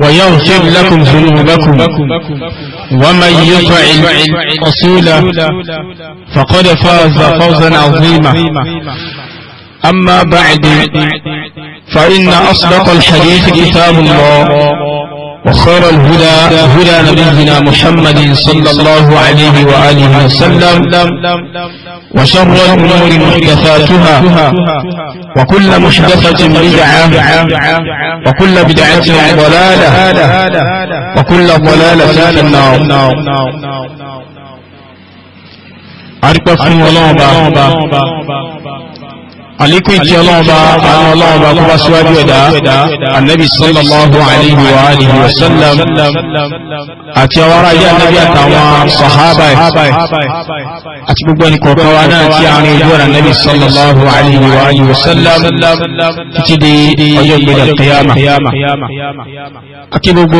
ويغفر لكم ذنوبكم ومن يطع الرسول فقد فاز فوزا عظيما أما بعد فإن أصدق الحديث كتاب الله وخير الهدى هدى نبينا محمد صلى الله عليه وآله وسلم وشر الأمور محدثاتها وكل محدثة بدعة وكل بدعة ضلالة وكل ضلالة في النار أرقى في الله àlékún ìtí ọlọ́ọ̀bá àwọn ọlọ́ọ̀bá kó bá síwájú ẹ̀dá annabi sallallahu alaihi wa alihi wa sallam àti àwọn ará ilé annabi àtàwọn sahaba àti gbogbo ẹni kọ̀ọ̀kan wa náà ti àárín ojú ọ̀rọ̀ annabi sallallahu alaihi wa alihi wa sallam títí di ọjọ́ ìgbẹ́lẹ̀ qiyama àti gbogbo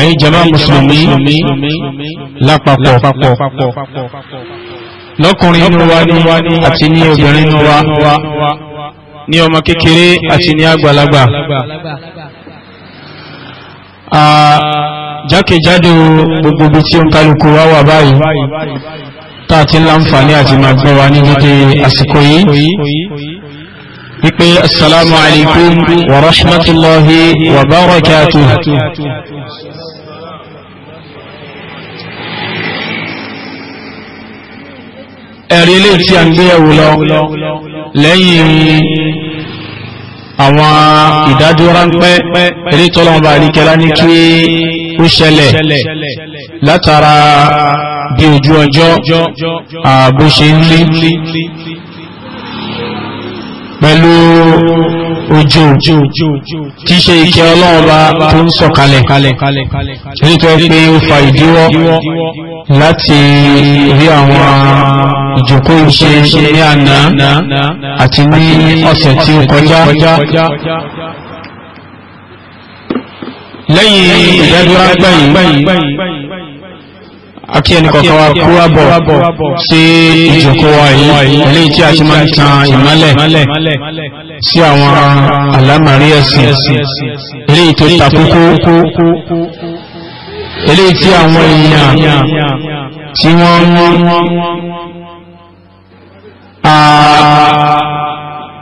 ẹ̀yin jama mùsùlùmí lápapọ̀ lọ́kùnrin inú wa ni àti ní obìnrin inú wa ní ọmọ kékeré àti ní àgbàlagbà jákèjádò gbogbo bí tí ó ń kálukú wá wà báyìí táà tí ń láǹfààní àti máa gbọ́ wa ní dédé àsìkò yìí wípé assalamu alaikum wa rahmatullahi wa barakatuh ẹ̀rí ilé tí a ń gbéyẹ̀wò lọ lẹ́yìn àwọn ìdájọ́ ránpẹ́ eré tọ́lọ́mọba àríkẹ́lá ní kí ó ṣẹlẹ̀ látara bí ojú ọjọ́ ààbò ṣe ń lé pẹ̀lú òjò tí ṣe ìkẹ́ ọlọ́ọ̀bá tó ń sọ̀kalẹ̀ nítorí pé ó fa ìdíwọ́ láti rí àwọn ìjòkó ìṣe ní àná àti ní ọ̀sẹ̀ tí ó kọjá lẹ́yìn ìdádúrà gbẹ̀yìn akí ẹni kọ̀ọ̀kan wa kó bọ̀ sí ìjòkó wa yìí eléyìí tí a ti máa ń tan ìmọ́lẹ̀ sí àwọn àlámàrí ẹ̀sìn eléyìí tó takókó eléyìí tí àwọn èèyàn tí wọ́n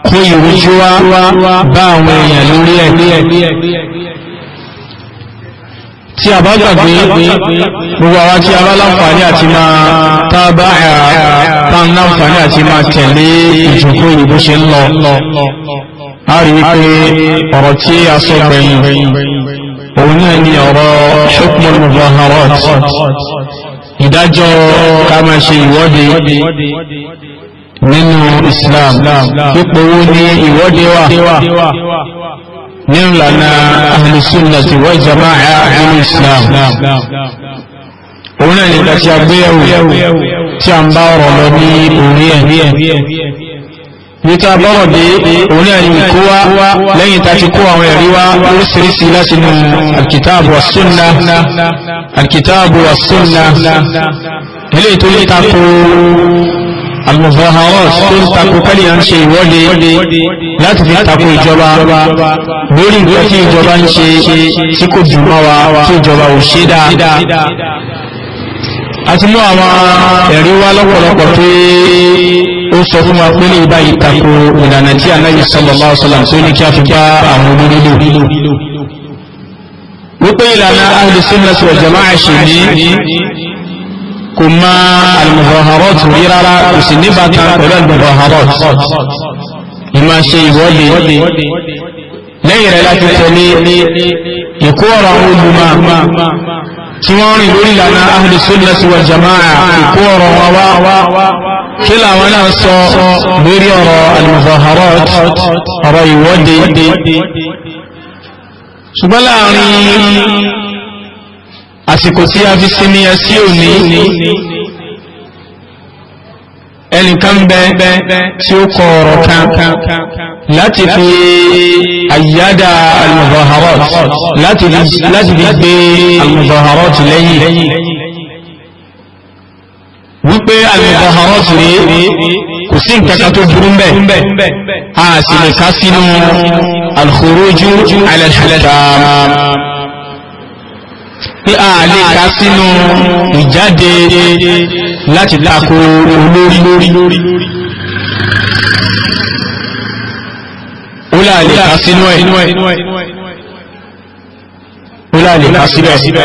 kó ìrújú wá bá àwọn èèyàn lórí ẹ̀ tí a bá gbàgbé gbogbo àwa tí a bá láǹfààní àti máa tábà tán láǹfààní àti máa tẹ̀lé ìjòkó ìbò ṣe ń lọ a rí wípé ọ̀rọ̀ tí a sọ gbẹ̀yìn òun náà ni ọ̀rọ̀ hukmul muzaharat ìdájọ́ ká máa ṣe ìwọ́de nínú Islam pípòwó ní ìwọ́de wà ní ìlànà àmìsúnnàtí wà jama'a nínú islam òun náà nígbà tí a gbéyàwó tí a ń bá ọ̀rọ̀ lọ ní orí ẹ̀ níta bọ́rọ̀ dé òun náà ti kó àwọn ẹ̀rí wá oríṣiríṣi láti nù alkitabu wa sunna alkitabu wa sunna ilé ìtòlítà kó al-muzaharat tó ń takò kẹ́lì à ń ṣe ìwọ́de láti fi takò ìjọba lórí nǹkan tí ìjọba ń ṣe tí kò dùn mọ́ wa tí ìjọba ò ṣe dáa a ti mú àwọn ẹ̀rí wá lọ́pọ̀lọpọ̀ pé ó sọ fún wa pé ní ibà ìtakò ìlànà tí anábì sallallahu alaihi wasallam tó ní kí a fi bá àwọn olórí wípé ìlànà ahlus sunnah wal jama'ah ṣe ní kò má almuzaharot rí rárá kò sì níbàtà pẹ̀lú almuzaharot ìmá ṣe ìwọ́de lẹ́yìn rẹ̀ láti tẹ̀lé ìkó ọ̀rọ̀ àwọn olùmọ̀ tí wọ́n rìn lórí ìlànà ahlu sunnah wal jama'a ìkó ọ̀rọ̀ wọn wá kí làwọn náà sọ lórí ọ̀rọ̀ almuzaharot ọ̀rọ̀ ìwọ́de ṣùgbọ́n láàrin àsìkò tí a fi sinmi ẹ sí òní ẹnìkan bẹ tí ó kọ ọ̀rọ̀ kan láti fi àyádà al-muzaharat láti fi gbé al-muzaharat lẹ́yìn wípé al-muzaharat rí kò sí nǹkankan tó burú mbẹ̀ a sì lè ká sínú al-khuruju ala pé a lè ká sínú ìjáde láti tako olórí lórí ó láà lè ká sínú ẹ̀ ó láà lè ká síbẹ̀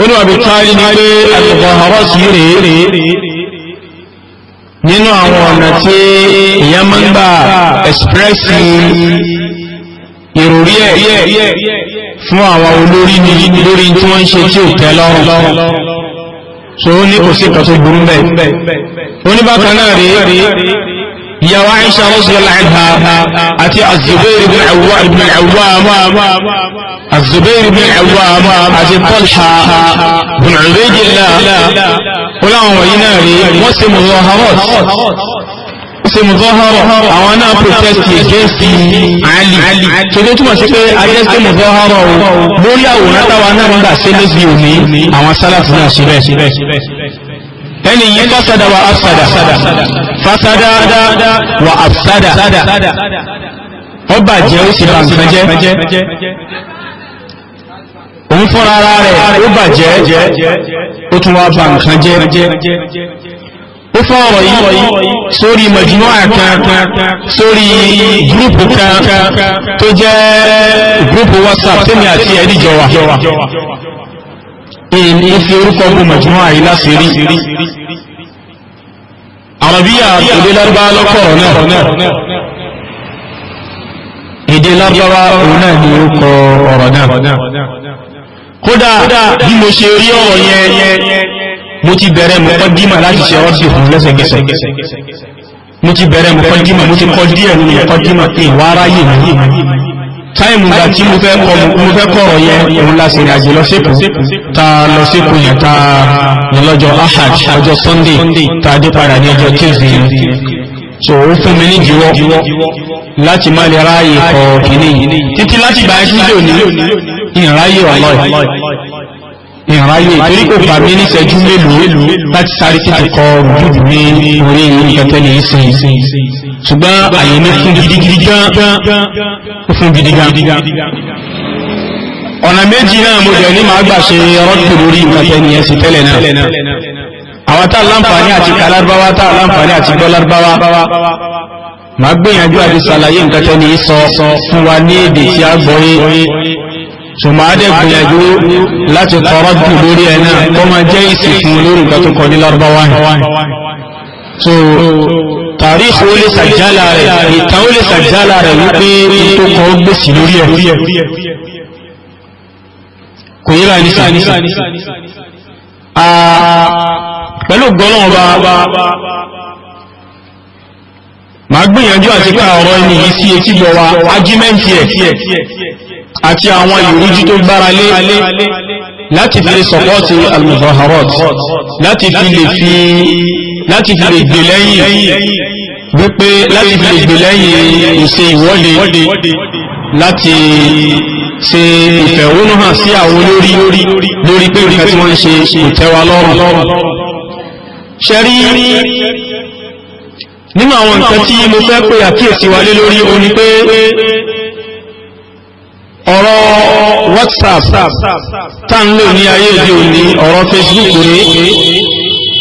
ó ní ọ̀bẹ̀ tààrí ní pé àtọ̀gbọ̀n àwọn sí rèé nínú àwọn ọ̀nà tí èyàn máa ń gbà ẹ̀sprẹ́sì ìròrí ẹ̀ fún àwọn olórí ní lórí tí wọ́n ń ṣe tí ò tẹ́ lọ́rùn so ó ní kò sí ìkàtó burú bẹ́ẹ̀ ó ní bákan náà rí ìyàwó Aisha radiyallahu anha àti az-Zubair ibn Awwam az-Zubair ibn Awwam àti Talha ibn Ubaydillah ó láwọn wọ̀nyí náà rí wọ́n sì mú lọ harrods ṣe mùzọ́hárọ̀ àwọn náà protest against Ali tòdó túmọ̀ sí pé ajẹ́ ṣe mùzọ́hárọ̀ o lórí àwòrán táwa náà ń gbà ṣe lóbi òní àwọn sálàfù náà ṣe ẹni yìí fásada wa afsada fásada wa afsada ó bàjẹ́ ó sì bà nǹkan jẹ́ òun fúnra rẹ̀ ó bàjẹ́ ó tún wá bà nǹkan ó fọ́ ọ̀rọ̀ yìí sórí mọ̀júmọ́ àkan sórí gúrùpù kan tó jẹ́ gúrùpù whatsapp tẹ́mi àti ẹ̀díjọ wà èyí fi orúkọ bú mọ̀júmọ́ àyí láti rí àrọ̀bíyà èdè lárúbá lọ́kọ̀ọ̀rọ̀ náà èdè lárúbá òun náà ni ó kọ ọ̀rọ̀ náà kódà bí mo ṣe rí ọ̀rọ̀ yẹn mo ti bẹ̀rẹ̀ mọ̀kọ́dímà láti ṣe ọ́dí fún lẹ́sẹ̀kẹsẹ̀ mo ti bẹ̀rẹ̀ mọ̀kọ́dímà mo ti kọ́ díẹ̀ nínú mọ̀kọ́dímà pé wà á ráyè mọ̀ táìmù gbà tí mo fẹ́ kọ́ mo fẹ́ kọ́rọ̀ yẹ òun la ṣe ìrìnàjò lọ sépò ta lọ sépò yẹn ta ní lọ́jọ́ ahad ọjọ́ sunday ta dé padà ní ọjọ́ tuesday yẹn so ó fún mi ní ìdíwọ́ láti má lè ráyè kọ̀ọ̀kì ní títí láti gbà ẹ́ sí ìdí òní ìráyè ọ̀lọ́ọ̀ ìráyè torí kò fà mí níṣẹ́jú mélòó láti sáré títí kọ rùdùdù ní orí ìkẹtẹ́ ní ìsìn ṣùgbọ́n àyè ní fún gidigidi gan fún gidigidi gan ọ̀nà méjì náà mo jẹ́ ní màá gbà ṣe rọ́pù lórí ìkẹtẹ́ ní ẹ̀sìn tẹ́lẹ̀ náà àwọn tá láǹfààní àti kàlárúbáwá tá láǹfààní àti gbọ́lárúbáwá màá gbìyànjú àti ṣàlàyé ìkẹtẹ́ ní sọ fún wa ní èdè tí a gbọ́yé ṣùgbọ́n a dẹ̀ gbìyànjú láti kọ́rọ́ dùn lórí ẹ̀ náà kó máa jẹ́ ìsìn fún lórí nǹkan tó kọ ní lárúbáwá yìí so tàríkì ó lè sàjálà rẹ̀ ìtàn ó lè sàjálà rẹ̀ wípé tó kọ ó gbèsè lórí ẹ̀ kò yíra ní sàníṣà pẹ̀lú gbọ́nà ọba màá gbìyànjú àti pé ọ̀rọ̀ ẹni yìí sí etí gbọ́ wa ájímẹ́ǹtì ẹ̀ àti àwọn ìrújú tó gbára lé láti fi lè sọ̀pọ́tì al-muzaharat láti fi lè fi láti fi lè gbè lẹ́yìn wípé láti fi lè gbè lẹ́yìn ìṣe ìwọ́de láti ṣe ìfẹ̀hónú hàn sí àwọn olórí lórí pé nǹkan tí wọ́n ń ṣe ìtẹ́wa lọ́rùn ṣẹ́rí nínú àwọn nǹkan tí mo fẹ́ pé àkíyèsí wa lé lórí o ni pé ọ̀rọ̀ whatsapp tá ń lò ní ayé ìdí òní ọ̀rọ̀ facebook rèé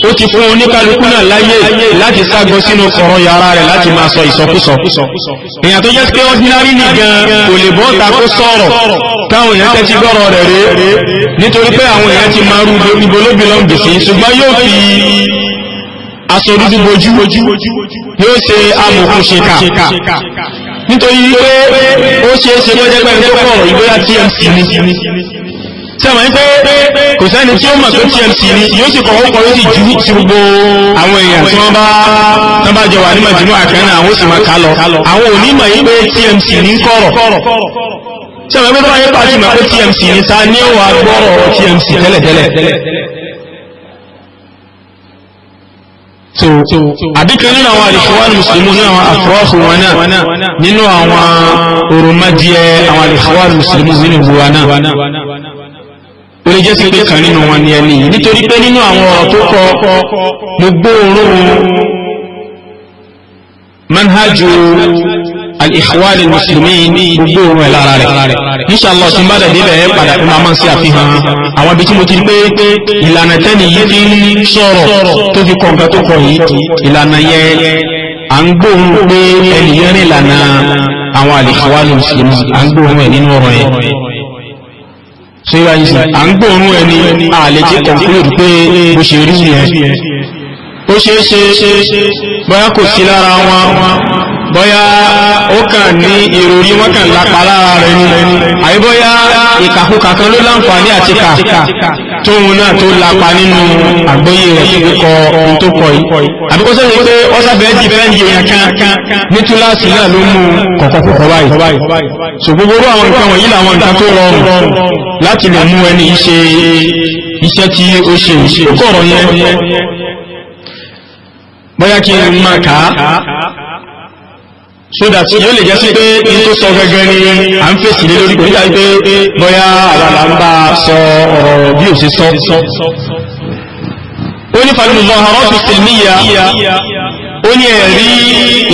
ó ti fún oníkálukú náà láyé láti ságo sínú kọ̀rọ̀ yàrá rẹ̀ láti máa sọ ìsọkúsọ èèyàn tó jẹ́ pé ordinary nìkan kò lè bọ́ ta kó sọ̀rọ̀ táwọn èèyàn tẹ́tí gbọ́rọ̀ rẹ̀ rèé nítorí pé àwọn èèyàn ti máa rú ibo lóbi lọ́n gbèsè ṣùgbọ́n yóò fi aṣọ bojú yóò ṣe amòkùnṣeka nítorí wípé ó ṣe é ṣe kó jẹ́ pẹ́ẹ́ni tó pọ̀ ìgbéra TMC ni sẹ́wọ̀n ní pé kò sẹ́ni tí ó mọ̀ pé TMC ni yóò sì kọ̀ ọ́pọ̀ yóò sì ju sí gbogbo àwọn èèyàn tí wọ́n bá wọ́n bá jọ wà ní màjúmọ́ àkànnà àwọn òsì máa kà lọ àwọn onímọ̀ yìí pé TMC ní kọ̀rọ̀ sẹ́wọ̀n ní pé báyìí pàṣẹ mọ̀ pé TMC ni ta ni ó wà gbọ́rọ̀ TMC tẹ́lẹ̀tẹ́lẹ̀ so àbíkan nínú àwọn àlìfọwọ́n mùsùlùmí nínú àwọn àfọwọ́fù wọn náà nínú àwọn òròmọdìẹ àwọn àlìfọwọ́n mùsùlùmí nínú ìwà náà ó lè jẹ́ sí pé kan nínú wọn ni ẹni yìí nítorí pé nínú àwọn ọ̀rọ̀ tó kọ mo gbóòórùn manhajú al-ikhwan al-muslimin gbogbo orun ẹ̀ lára rẹ̀ inshallah tí n bá dẹ̀ débẹ̀ ẹ̀ padà fún mamman sí àfihàn àwọn ibi tí mo ti rí pé ìlànà tẹ́ni yìí fi ń sọ̀rọ̀ tó fi kọ̀ǹkan tó kọ̀ yìí ìlànà yẹn à ń gbóhùn pé ẹnì yẹn rìn lànà àwọn al-ikhwan al-muslimin à ń gbóhùn ẹ̀ nínú ọ̀rọ̀ yẹn so yíra yìí sìn à ń gbóhùn ẹni àlè tí conclude pé bó ṣe rí yẹn ó ṣeé ṣe bóyá kò sí lára wọn bóyá ó kàn ní ìròrí wọ́n kàn lápá lára rẹ̀ ní àbí bóyá ìkàkùkà kan ló láǹfààní àti kà tóun náà tó lápá nínú àgbóyè rẹ̀ síbi kọ ohun tó kọ yìí àbí sẹ́yìn pé wọ́n sábẹ́ di bẹ́ẹ̀ èèyàn kan ní túláàsì náà ló mú kọ̀kọ́ kọ̀kọ́ báyìí so gbogbo orú àwọn nǹkan wọ̀nyí làwọn nǹkan tó rọrùn láti lè mú ẹni ṣe iṣẹ́ tí ó ṣe ìṣe bóyá kí n máa kà á so that yóò lè jẹ́ sí pé in tó sọ gẹ́gẹ́ ni à ń fèsì lé lórí kòríkà wípé bóyá àwàlà ń bá sọ ọ̀rọ̀ bí ò sí sọ ó ní fàlùmù mọ́ àwọn tó sì níyà ó ní ẹ̀rí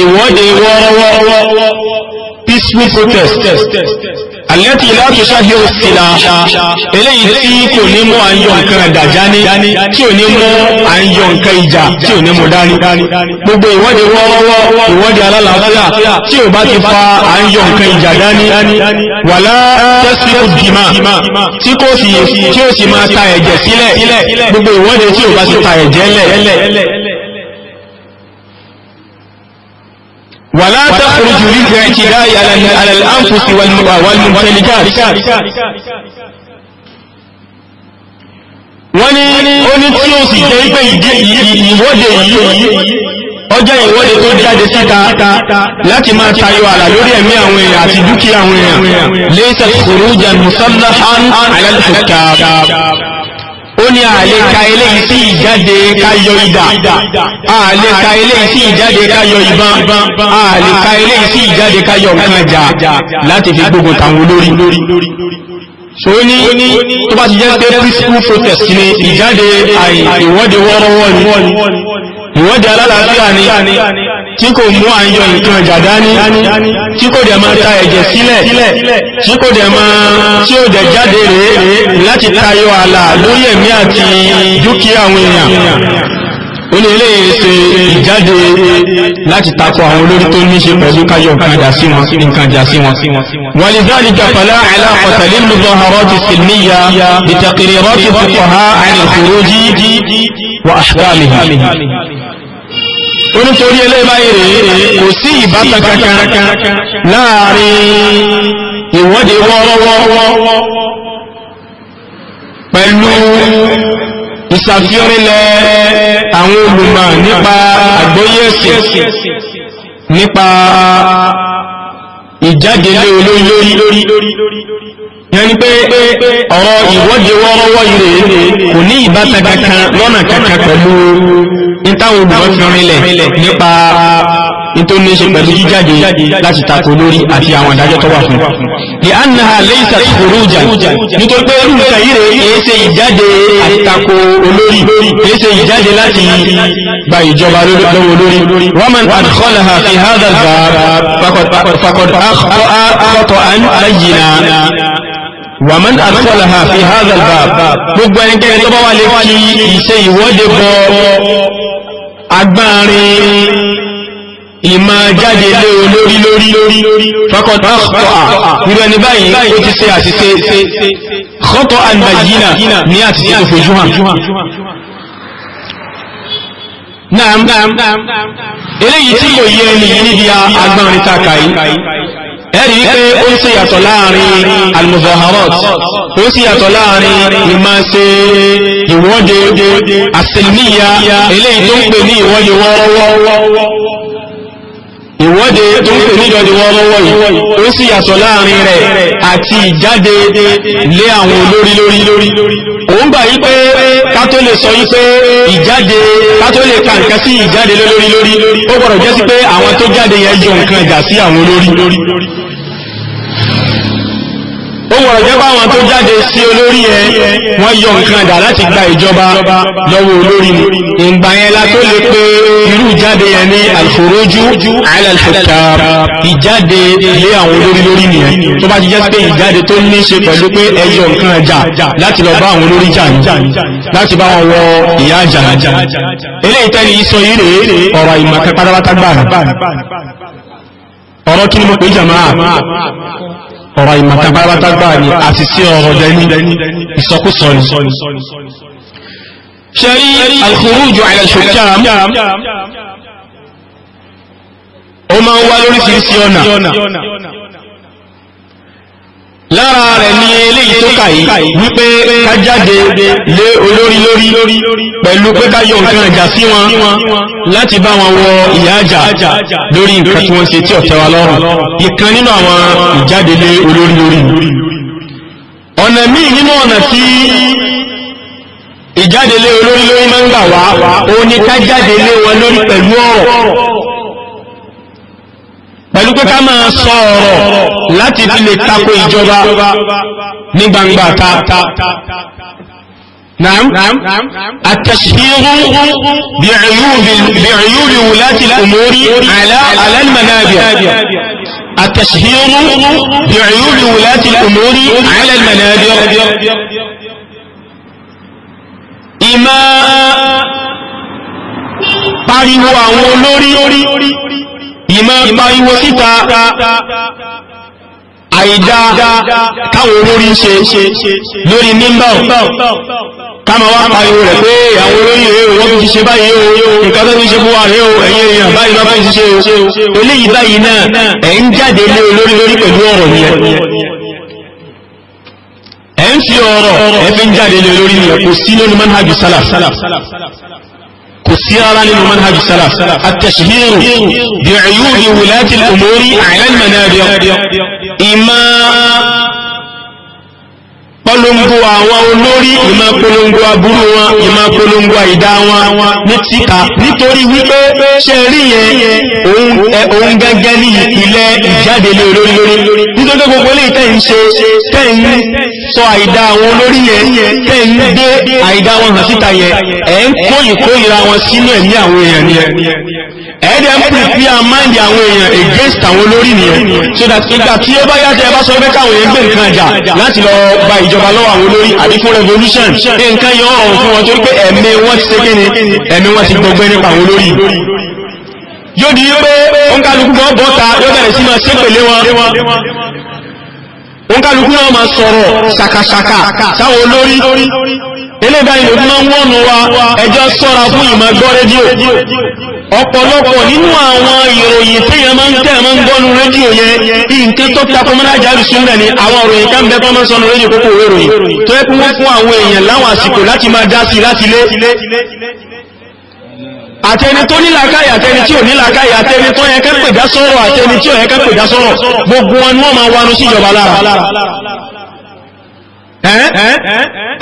ìwọ́de wọ́ọ́rọ́wọ́ peaceful protest àlẹ́tì láti ṣáájú sílá eléyìí tí kò ní mú àyọ nǹkan ẹ̀dàjá ní tí ò ní mú àyọ nǹkan ìjà tí ò ní mú dání gbogbo ìwọ́de wọ́ọ́rọ́wọ́ ìwọ́de alálàáfíà tí ò bá ti fa àyọ nǹkan ìjà dání wà látẹ́sí òdìmá tí kò sì tí ó sì máa ta ẹ̀jẹ̀ sílẹ̀ gbogbo ìwọ́de tí ò bá ti ta ẹ̀jẹ̀ lẹ̀ رجل اعتداء على على والممتلكات wọ́n ní وني tí جاي sì jẹ́ pé ìwọ́de yìí ọjọ́ ìwọ́de tó jáde síta láti máa tayọ àlà lórí ẹ̀mí àwọn èèyàn àti dúkìá àwọn èèyan laysa khurujan musallahan ala ó ní àlè ka eléyìí sí ìjáde káyọ ìdà àlè ka eléyìí sí ìjáde káyọ ìbọn àlè ka eléyìí sí ìjáde káyọ nǹkan jà láti fi gbogbo tàwọn olórí so ó ní tó bá ti jẹ́ pé peaceful protest ni ìjáde àì ìwọ́de wọ́rọ́wọ́ ni ìwọ́de alálàáfíà ni tí kò mú àyọ nǹkan jàdá ní tí kò dẹ̀ máa ta ẹ̀jẹ̀ sílẹ̀ tí kò dẹ̀ máa tí ó dẹ̀ jáde rèé láti tayọ àlà lórí ẹ̀mí àti dúkìá àwọn èèyàn ó ní ilé ṣe ìjáde láti takọ àwọn olórí tó ní ṣe pẹ̀lú káyọ̀ nǹkan sí wọn nǹkan jà sí wọn. ولذلك فلا علاقة للمظاهرات السلمية بتقريرات الفقهاء عن الخروج وأحكامه onítorí eléyìí rèé kò sí ìbátan kankan láàrin ìwọ́de wọ́ọ́wọ́ pẹ̀lú ìsàfihànilẹ̀ àwọn olùmọ̀ nípa àgbóyé nípa ìjáde lé olórí yẹni pé ọ̀rọ̀ ìwọ́de wọ́ọ́wọ́ yìí rèé kò ní ìbátan kankan lọ́nà kankan pẹ̀lú nítawọ̀ olùmọ́fìnrin lẹ̀ nípa nítorí ní ṣe pẹ̀lú jíjáde láti tako lórí àti àwọn ìdájọ́ tó wà fún. di annaha laysa khurujan nítorí pé irú nǹkan yìí rèé kìí ṣe ìjáde àti tako olórí kìí ṣe ìjáde láti gba ìjọba lọ́wọ́ olórí. waman adkhalaha fi hadha al-bab faqad khata'an bayyina wàmán àtọ́lá fi hadha al-bab gbogbo ẹnikẹ́ni tó bá wà lè fi iṣẹ́ ìwọ́de agbárin ìmọ̀ jáde lé olórí lórí lórí fakọ̀tà nínú ẹni báyìí ó ti ṣe àṣìṣe kọ́tọ̀ àgbàyínà ní àṣìṣe tó fojú hàn náà eléyìí tí kò yẹ ẹni yìí níbi agbárin tàkàyí ẹ̀rí pé ó ń ṣèyàtọ̀ láàrin almuzaharat ó ń ṣèyàtọ̀ láàrin ìmáṣe ìwọ́de àṣìlíyà eléyìí tó ń pè ní ìwọ́de wọ́ọ́rọ́wọ́ ìwọ́de tó ń pè ní ìjọ́de wọ́ọ́rọ́wọ́ yìí ó ń ṣèyàtọ̀ láàrin rẹ̀ àti ìjáde lé àwọn olórí lórí lórí òun gbà yí pé ká tó lè sọ yí pé ìjáde ká tó lè ka nǹkan sí ìjáde lórí lórí ó gbọ́dọ̀ jẹ́ sí pé àwọn tó jáde yẹn yọ nǹkan ìjà sí àwọn olórí lórí lórí ó wọ̀rọ̀ jẹ́ bá wọn tó jáde sí olórí ẹ wọ́n yọ nǹkan dà láti gba ìjọba lọ́wọ́ olórí ni ìgbà yẹn la tó lè pé irú ìjáde yẹn ní àìforójú àìlàlùfẹ́ta ìjáde lé àwọn olórí lórí nìyẹn tó bá ti jẹ́ pé ìjáde tó ní ṣe pẹ̀lú pé ẹ yọ nǹkan jà láti lọ bá àwọn olórí jà ní láti bá wọn wọ ìyá jà eléyìí tẹ́lẹ̀ sọ yìí rèé ọ̀rọ̀ ìmọ̀ kẹpàdàbàtà ọ̀rọ̀ ìmọ̀tàgbàgbà ni àṣìṣe ọ̀rọ̀ dẹni ìsọkúsọ ni ṣẹ́rí alkhuruju ala al-hukam ó máa ń wá lóríṣiríṣi ọ̀nà lára rẹ̀ ni tó kà yìí wípé ká jáde lé olórí lórí pẹ̀lú pé ká yọ nǹkan ẹ̀jà sí wọn láti bá wọn wọ ìyà àjà lórí nǹkan tí wọ́n ṣe tí ọ̀tẹ̀ wa lọ́rùn ìkan nínú àwọn ìjáde lé olórí lórí ọ̀nà míì nínú ọ̀nà tí ìjáde lé olórí lórí máa ń gbà wá òun ni ká jáde lé wọn lórí pẹ̀lú ọ̀rọ̀ pẹ̀lú pé ká máa sọ ọ̀rọ̀ láti fi lè tako ìjọba ní gbangba ta نعم التشهير بعيوب بعيوب ولاة الأمور على على المنابر التشهير بعيوب ولاة الأمور على المنابر إما pariwo àwọn olórí ìmọ̀ pariwo síta àìdá káwọn olórí ṣe lórí mímbà káàmà wá pariwo rẹ̀ pé àwọn olóyìn rẹ̀ wọ́n ti ṣe báyìí o nǹkan tó ti ṣe fún wa rẹ̀ o ẹ̀yìn èèyàn báyìí bá báyìí ṣe o eléyìí báyìí náà ẹ̀ ń jáde lé olórí lórí pẹ̀lú ọ̀rọ̀ yẹn ẹ̀ ń fi ọ̀rọ̀ ẹ̀ fi ń jáde lé olórí yẹn kò sí lónìí manhajj salaf السيارة لأنه السلف التشهير بعيوب ولاة الأمور على المنابر إما ìpolongo àwọn olórí ìmá polongo aburú wọn ìmá polongo àìdá wọn ní títa nítorí wípé ṣe rí yẹn òun gẹ́gẹ́ ní ìpìlẹ̀ ìjáde lé olórí lórí nítorí gbogbo ilé tẹ́ ń ṣe tẹ́ ń sọ àìdá àwọn olórí yẹn tẹ́ ń gbé àìdá wọn hàn síta yẹn ẹ̀ ń kó ìkórìíra wọn sínú ẹ̀mí àwọn èèyàn yẹn ẹ̀dẹ̀ ń prepare mind àwọn èèyàn against àwọn olórí nìyẹn so that ìgbà tí ó bá yájẹ́ bá sọ pé káwọn èèyàn gbé nǹkan jà láti lọ gba ìjọba lọ́wọ́ àwọn olórí àbí fún revolution nǹkan yọ ọ̀rùn fún wọn torí pé ẹ̀mí wọn ti ṣe kí ni ẹ̀mí wọn ti gbọgbẹ́ nípa àwọn olórí yóò di pé ó ń kálukú gan bọ́ta yóò bẹ̀rẹ̀ sí máa ṣépèlé wọn wọn kálukú náà máa sọ̀rọ̀ ṣàkàṣàkà sáwọn olórí eléyìí báyìí lòdì máa ń wa ẹjọ́ sọ́ra fún ìmọ̀ gbọ́ rédíò ọ̀pọ̀lọpọ̀ nínú àwọn ìròyìn tí yẹn máa ń tẹ̀ máa ń gbọ́nu rédíò yẹn nǹkan tó takọ mọ́nájà àlùsùn rẹ̀ ni àwọn ìròyìn ká ń bẹ́ pọ́nmọ́ sọnù rédíò kókó òwe ìròyìn tó yẹ kí fún àwọn èèyàn láwọn àsìkò láti máa dá sí láti lé àtẹni tó nílàkàyà àtẹni tí ò nílàkàyà àtẹni tó yẹ kẹ́pẹ̀ sọ́rọ̀ àtẹni tí ò yẹ kẹ́pẹ̀ sọ́rọ̀ gbogbo wọn ni wọ́n máa wanu síjọba lára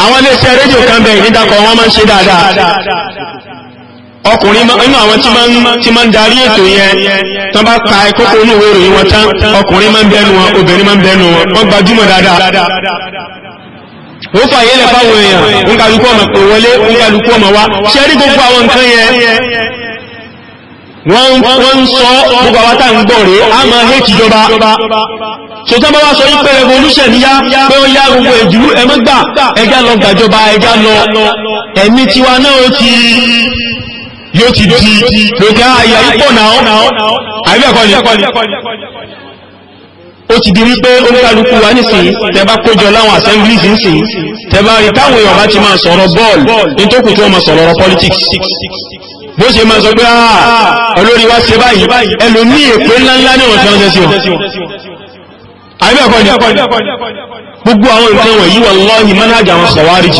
àwọn iléeṣẹ́ rédíò kan bẹ̀rẹ̀ nídàkọ̀ wọn máa ń ṣe dáadáa ọkùnrin inú àwọn tí máa ń darí ètò yẹn tán bá ka kókó inú ìwé ìròyìn wọn tán ọkùnrin máa ń bẹnu wọn obìnrin máa ń bẹnu wọn wọn gbajúmọ̀ dáadáa wọ́n fàyé lẹ fáwọn èèyàn ń kàlùkù ọmọ pè wọlé ń ọmọ wa ṣe rí gbogbo àwọn nǹkan yẹn wọ́n ń sọ gbogbo àwọn tá ń rẹ̀ a ma hé tìjọba ṣètò bá sọ yí pé revolution yá pé ó yá gbogbo gbà ẹjá lọ gbàjọba ó ti di wípé ó ń kálukú wa nísìnyí tẹ bá kójọ láwọn assemblies nísìnyí tẹ bá rí táwọn èèyàn bá ti máa sọ̀rọ̀ bọ́ọ̀lù ní tó kù tí wọ́n máa sọ̀rọ̀ ọ̀rọ̀ politics bó ṣe máa sọ pé ah, olórí wa ṣe báyìí ẹlòmíì èpè ńláńlá ní wọ́n ti ránṣẹ́ sí wọn àbí ẹ̀kọ́ ni gbogbo àwọn nǹkan wọ̀nyí wallahi manhaj àwọn khawarij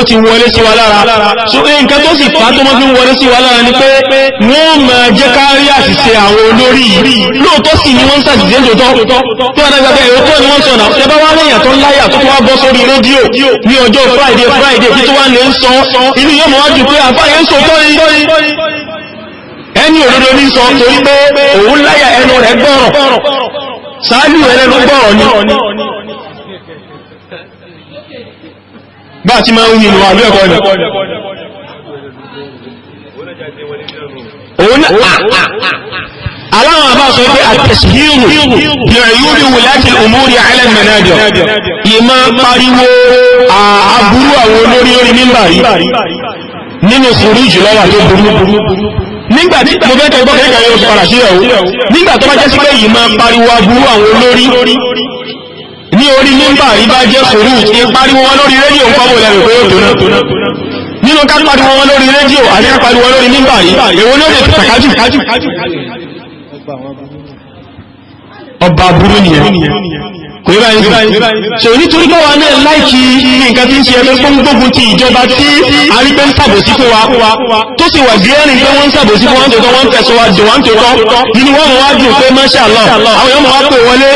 ó ti wọlé sí wa lára so nǹkan tó sì fà tó mọ́ fi ń wọlé sí wa lára ni pé wọ́n máa jẹ́ ká rí àṣìṣe àwọn olórí lóòótọ́ sì ni wọ́n ń ṣàṣìṣe lóòótọ́ tó adájọ́ pé èrò tó ni wọ́n sọ̀nà ṣe bá wá lẹ́yìn tó ń láyà tó wá bọ́ sórí rédíò ní ọjọ́ friday friday tí tó wá lè ń sọ inú yóò mọ̀ wá jù pé àfáàyè ń sọ ẹni òdodo ní sọ torí pé òun láyà ẹnu rẹ̀ gbọ́rọ̀ sáájú ẹlẹ́nu gbọ́rọ̀ ni bá ti máa ń yìnbọn àlú ẹ̀kọ́ ni òun ah, ah, ah, aláwọn àbá sọ pé àtẹ̀síhìrù yọ̀rìyúrí wùláti òmúrí alẹ́mẹ̀nájọ̀ ìmá pariwo àbúrú àwọn olórí orí mímbàrí nínú fúrú jùlọ wà tó burú nígbàtí mo fẹ́ tọ́gbọ́ kẹ́kẹ́ yóò fara sí ẹ̀wọ́ nígbàtí wọ́n jẹ́ sí pé ìmá pariwo àbúrú àwọn olórí ní orí nígbà rí bá jẹ́ kòrú ìpariwo wọn lórí rédíò ń kọ́bọ̀ lẹ́rù pé ó dùn nínú ká pariwo wọn lórí rédíò àti ká pariwo lórí nígbà rí èwo ló lè tàkájù ọba burú nìyẹn kò yíba yín ṣe onítorí bá wa náà láìkí nǹkan tí ń ṣe ẹgbẹ́ gbógun ti ìjọba tí arígbẹ́ ń ṣàbòsí fún wa tó sì wà gírẹ́rìn pé wọ́n ń ṣàbòsí fún wọn tó tọ́ wọ́n ń tẹ̀sọ́ wa jù wọ́n tó tọ́ nínú wọn wá dùn pé mọ́ṣáláà àwọn yọmọ wá pè wọlé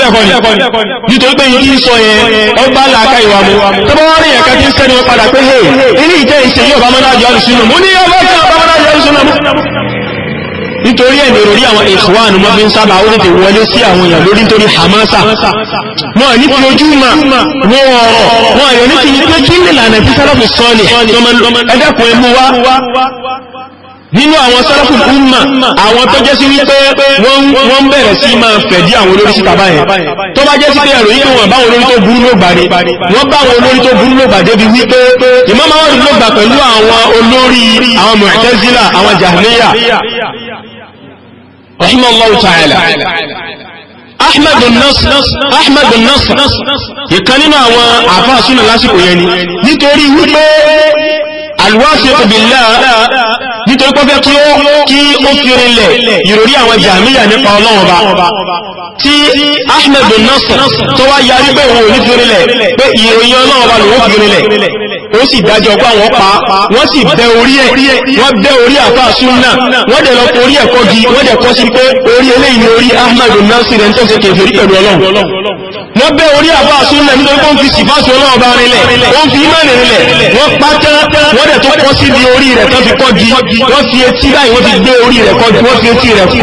abẹ́ẹ̀kọ́ ni nítorí pé yìí sọ yẹn ó bá làákà ìwà mu tó bá wá rí ẹ̀ka tí ń sẹ́ni wọn padà pé hé ilé ìjẹ́ ìṣe yóò bá mọ́nà àjọ àlùsùnà mú ní ọba tí ọba mọ́nà àjọ àlùsùnà mú. nítorí ẹ̀ lèrò rí àwọn ìṣòwàánù mọ́ fi ń sábà ó tètè wọlé sí àwọn èèyàn lórí nítorí hamasa wọn ní fi ojú mà wọ ọ̀rọ̀ wọn àyọ̀ ní ti ní pé kí nínú àwọn sáràfù umma àwọn tó jẹ́ sí wípé wọ́n bẹ̀rẹ̀ sí máa fẹ̀dí àwọn olórí síta báyẹn tó bá jẹ́ sí pé ẹ̀rọ yíkẹ́ wọn báwọn olórí tó burú ló gbà ní wọ́n báwọn olórí tó burú ló gbà débi wípé Imam Awad ló gbà pẹ̀lú àwọn olórí àwọn Mu'tazila àwọn Jahmiya rahimallahu ta'ala Ahmad bin Nasr Ahmad ìkan nínú àwọn àfáà súnà lásìkò yẹn ni nítorí wípé alwasiq billah nítorí pọ́fẹ́ kí ó kí ó fi rinlẹ̀ ìròrí àwọn jàmíyà nípa ọlọ́run ọba tí ahmed bin nasir tó wá yarí pé òun ò ní fi rinlẹ̀ pé ìròyìn ọlọ́run ọba lòun fi rinlẹ̀ ó sì dájọ́ pé àwọn pa wọ́n sì bẹ́ orí ẹ̀ wọ́n bẹ́ orí àfa súnà wọ́n dẹ̀ lọ orí ẹ̀kọ́ gi wọ́n dẹ̀ kọ́ sí pé orí eléyìí ni orí ahmed bin nasir ẹni tó ṣe kèfèrí pẹ̀lú ọlọ́run wọ́n bẹ́ orí àbá àsúnlẹ̀ nítorí wọ́n fi sífàṣù ọlọ́ọ̀bá rinlẹ̀ wọ́n fi ìmẹ́rin rinlẹ̀ wọ́n pátá wọ́n dẹ̀ tó kọ́ sí di orí rẹ̀ tó fi kọ́ di wọ́n fi etí báyìí wọ́n fi gbé orí rẹ̀ kọ́ di wọ́n fi etí rẹ̀ kọ́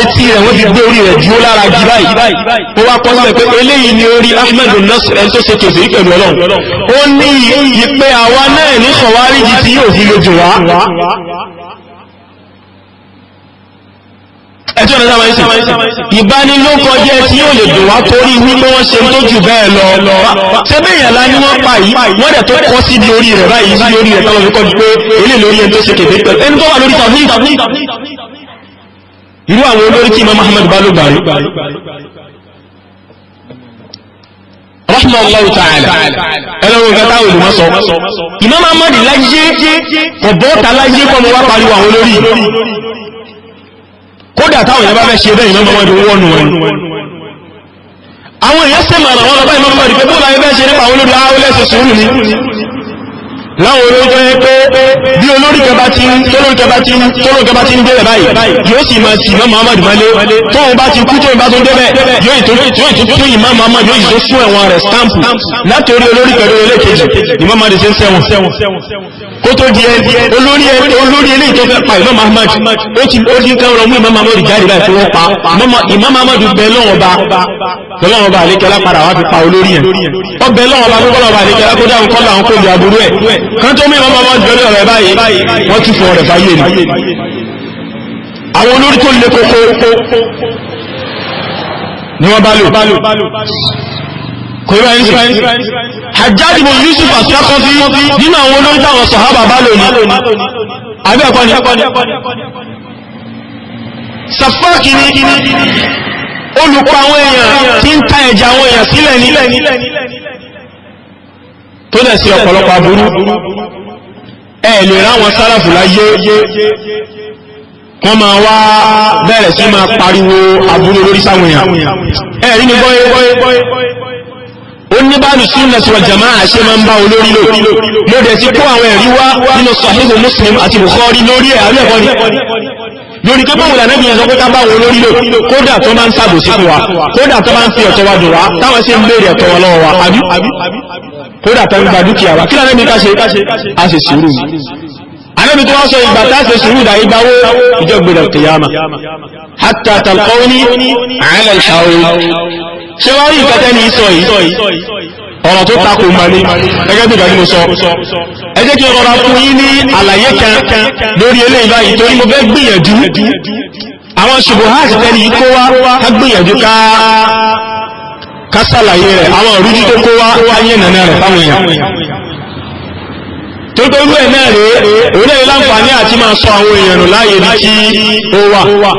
etí rẹ̀ wọ́n fi gbé orí rẹ̀ dúró lára jì báyìí ó wá kọ́ sílẹ̀ pé eléyìí ni orí Ahmed Nasir ẹni tó ṣe tòṣe pẹ̀lú Ọlọ́run ó ní ìpè àwa náà ní sọ̀wárí ẹ̀tí ọ̀nà sáwọn ìsìn ìbánilókọjẹ́ tí yóò lè dùn wá torí wípé wọ́n ṣe tó jù bẹ́ẹ̀ lọ sẹ́bẹ̀yànlá ni wọ́n pa yìí wọ́n dẹ̀ tó kọ́ sí di orí rẹ̀ báyìí sí orí rẹ̀ táwọn fi kọjú pé èlé lórí ẹni tó ṣe kèfé pẹ̀lú ẹni tó wà lórí tàbí irú àwọn olórí tí Imam Ahmad bá ló gbàrí rahimahullahu ta'ala ẹlẹ́wọ̀n nǹkan táwọn olùmọ̀ sọ Imam Ahmad láyé kọ̀bọ́ta láyé kọ́ mo wá pariwo àwọn olórí kódà táwọn èèyàn bá fẹ́ ṣe bẹ́ẹ̀ ìmọ̀mọ́ ìlú wọ́nù wọn àwọn èèyàn sẹ́mọ̀ àwọn ọlọ́bá ìmọ̀mọ́ ìlú pé bóòlù ayé fẹ́ ṣe nípa àwọn olórí àwọn ah, ẹlẹ́sẹ̀ sùúrù ni láwọn olóòjọ́ yẹ pé bí olórí kẹba ti ń tólórí kẹba ti ń tólórí kẹba ti ń délẹ̀ báyìí yóò sì máa sì máa Muhammadu malé tóun bá ti kú tóun bá tó débẹ̀ yóò ìtò yóò ìtò tó yìí máa Muhammadu yóò ìtò fún ẹ̀wọ̀n rẹ̀ stampu látòrí olórí kẹba olókejì ni Muhammadu ṣe ń sẹ́wọ̀n kó tó di ẹni olórí olórí eléyìí tó fẹ́ pa ìmọ̀ Muhammadu ó ti ó ti ń kẹ́ ọ̀rọ̀ pa ìmọ̀ Muhammadu bẹ lọ́wọ́ ba lọ́wọ́ ba àlékẹ́lá padà wá fi pa olórí yẹn ọ bẹ lọ́wọ́ ba àlékẹ́lá kó dáhùn kọ́ làwọn kò lè aburú ẹ̀ kan tó mí ọmọ wọn jọlé ọ̀rẹ́ báyìí wọ́n tún fún ọ̀rẹ́ fáyé ni àwọn olórí tó le koko ni wọ́n bá lò kò yíra yín sí Hajjaj ibn Yusuf àtúrákọ́fí nínú àwọn olórí táwọn sọ̀hábà bá lò ní àbí ni sàfáàkì ni olùkọ́ àwọn èèyàn tí ń ta ẹ̀jẹ̀ àwọn èèyàn sílẹ̀ ní tó dẹ̀ sí ọ̀pọ̀lọpọ̀ aburú ẹ lè ráwọn sálàfù láyé wọ́n máa wá bẹ̀rẹ̀ sí máa pariwo aburú lórí sáwọn èèyàn ẹ rí ni bọ́yé ó ní bá lùsùn náà sọ̀rọ̀ jama'a ṣe máa ń bá olórí lò mo dẹ̀ ti kó àwọn ẹ̀rí wá nínú sahihu muslim àti bukhari lórí ẹ̀ àbí ẹ̀kọ́ ni lórí pé báwo lànà ìgbìyànjọ pé ká bá wọn lórí lò kódà tó máa ń ṣàbòsí fún wa kódà tó máa ń fi ọ̀tọ̀ wa dùn wá táwọn ṣe ń béèrè ọ̀tọ̀ wọn lọ́wọ́ wa àbí kódà tó ń gba dúkìá wa kí lànàbí ká ṣe a ṣe sùúrù anábì tó wá sọ ìgbà tá a ṣe sùúrù dà ìgbà wo ìjọ gbèrè kìyàmà hatta talqawni ala al-hawd ṣé wàá rí ìkàtẹ́ ní sọ yìí ọ̀rọ̀ tó takò mọ̀ ní gẹ́gẹ́ bí ìgbà mo sọ ẹ jẹ́ kí n rọra fún yín ní àlàyé kan lórí eléyìí báyìí torí mo fẹ́ gbìyànjú àwọn ṣubuhati tẹ́lẹ̀ yìí kó wá ká gbìyànjú ká ká sàlàyé rẹ̀ àwọn òrújú tó kó wá ayé nàná rẹ̀ fáwọn èèyàn tó tó rú ẹ̀ náà rèé òun náà láǹfààní àti máa sọ àwọn èèyàn nù láàyè ní tí ó wà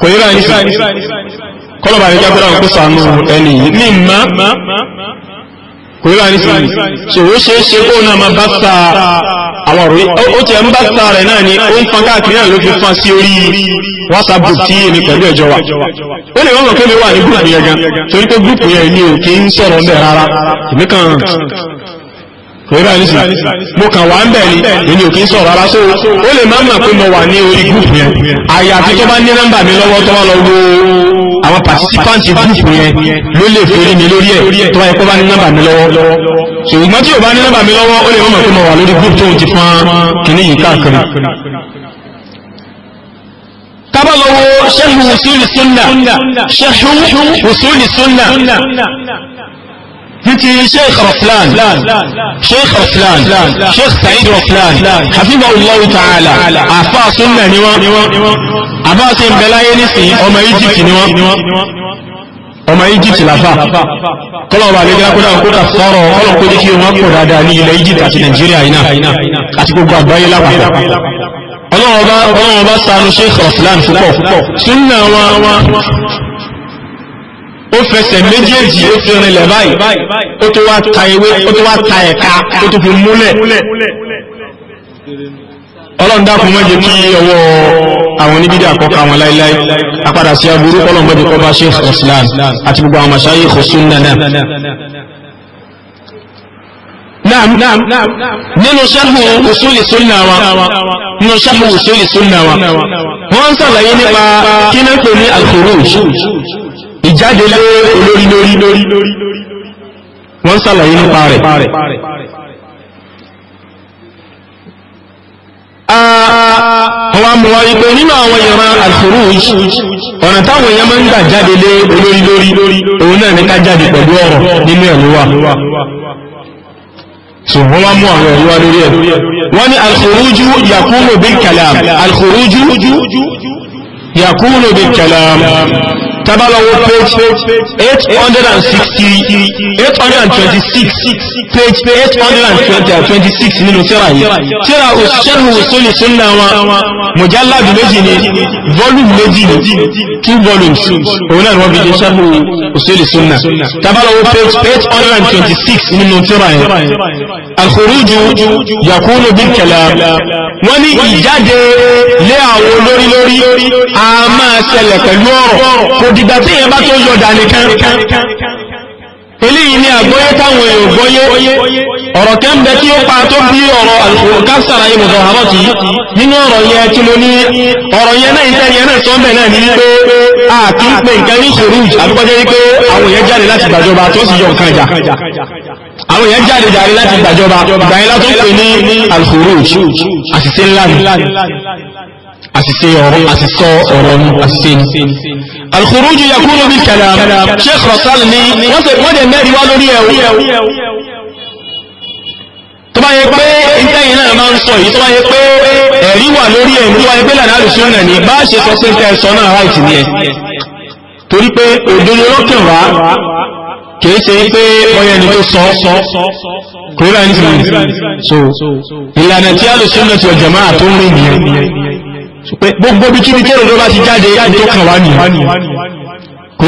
kò yíra ní sí kọlọ̀bà ní òkú sànú ẹni yìí ní ìmá kò yíba ní sinmi so kó náà máa bá sa àwọn ọ̀rọ̀ ó tiẹ̀ ń bá sa rẹ̀ náà ni ó ń fan fi fan sí orí whatsapp group tí èmi pẹ̀lú wa ó lè wọ́n mọ̀ pé mi wà ní yẹn gan torí pé yẹn ni ò kí ń sọ̀rọ̀ ń rárá èmi kan pẹ̀lú àìsí mo kàn wá ń bẹ̀ ni èmi ò sọ̀rọ̀ ó lè má pé mo wà ní orí gúrùpù yẹn àyàfi tó bá ní nọ́mbà mi lọ́wọ́ tó bá àwọn pàtísípáǹtì gúúpù yẹn ló lè forí mi lórí ẹ̀ tó wáyé kó bá ní nọ́mbà mi lọ́wọ́ ṣùgbọ́n tí ò bá ní nọ́mbà mi lọ́wọ́ ó lè mọ̀ pé mo wà lórí gúúpù tóun ti fún kìnní yìí káàkiri tábàlọ́wọ́ ṣẹ́hùn usul sunna ṣẹ́hùn usul sunna títí sheikh raflan sheikh raflan sheikh sa'id raflan hafizahullahu ta'ala àfa súnmẹ ni wọn àbá ti ń bẹ láyé nísìnyí ọmọ egypt ni wọn ọmọ egypt lafa kọlọ̀wà lè gíra kódà kódà sọ́rọ̀ ọlọ́kó jẹ́ kí wọ́n pọ̀ dáadáa ní ilẹ̀ egypt àti nigeria iná àti gbogbo àgbáyé lápapọ̀ ọlọ́wọ́ bá ṣàánú sheikh raflan púpọ̀ ó fẹsẹ̀ méjèèjì ó fi rinlẹ̀ báyìí ó tó wá ta ewé ó tó wá ta ẹ̀ka ó tó fi múlẹ̀ ọlọ́run dákun má jẹ́ kí ọwọ́ àwọn oníbídà àkọ́kọ́ àwọn láíláí apadà sí aburú ọlọ́run má jẹ́ kó bá Sheikh Islam àti gbogbo àwọn mashayikh sunnah náà نعم نينو شرح وصول السنة نينو شرح وصول السنة وانسى لأيني ما كنا كوني الخروج ìjáde lé olórí lórí wọ́n sàlàyé nípa rẹ̀ àwọn amúwa ipò nínú àwọn ìran al-khuruj ọ̀nà táwọn èèyàn máa ń gbà jáde lé olórí lórí òun náà ní ká jáde pẹ̀lú ọ̀rọ̀ nínú ẹ̀lú wa so wọ́n wá mú àwọn ẹ̀rí wa lórí ẹ̀ wọ́n ní al-khuruju yakunu bil kalam al-khuruju yakunu bil kalam tabalọ́wọ́ page eight eight hundred hundred and and sixty twenty six page eight hundred and twenty six nínú tíra yìí tíra òṣìṣẹ́hù sólì súnnà wọn mọ̀jálàbì méjì ni volume méjì ni two volumes òun náà wọ́n fi jẹ́ ṣẹ́hù òṣìṣẹ́lì súnnà tabalọ́wọ́ page 826 nínú tíra yìí alkhuruju yakunu bil kalam wọ́n ní ìjáde lé àwọn olórí lórí a máa ṣẹlẹ̀ pẹ̀lú ọ̀rọ̀ dìgbà tí èèyàn bá tó yọ̀dà nìkan eléyìí ni àgbọ́yé táwọn èèyàn gbọ́yé ọ̀rọ̀ kan bẹ tí ó pa tó bí ọ̀rọ̀ kásàrà yìí mọ̀tọ̀ àbọ̀ tí nínú ọ̀rọ̀ yẹn tí mo ní ọ̀rọ̀ yẹn náà iṣẹ́ yẹn náà sọ́ńbẹ̀ náà ní pé a kì í pe nǹkan ní ṣòro àbíkọ́jẹ́ wípé àwọn èèyàn jáde láti gbàjọba tó sì yọ nǹkan ìjà àwọn èèyàn jáde jáde láti gbàjọba ìgbà yẹn látó pè ní alùpùpù àṣìṣe ńlá ni àṣìṣe ọ̀rọ̀ àṣìṣọ ọ̀rọ̀ ni àṣìṣe ni alkhuruju yakunu bil kalam sheikh rosal ni wọ́n ṣe wọ́n dẹ̀ mẹ́rin wá lórí ẹ̀ tó bá yẹ pé ìtẹ́yìn náà máa ń sọ yìí tó bá yẹ pé ẹ̀rí wà lórí ẹ̀ tó bá yẹ pé lànà àlùsùn náà ni bá ṣe sọ pé tẹ́ sọ náà ráìtì ni torí pé òdodo lọ́kàn wá kìí ṣe pé ọyẹ ni tó sọ kúrẹ́rà ní sinmi so ìlànà tí àlùsùn náà ti ọ̀jọ̀ máa tó ń rìn nìyẹn pé gbogbo bí kíbi tẹ́rù ló bá ti jáde tó kàn wá nìyí kò ní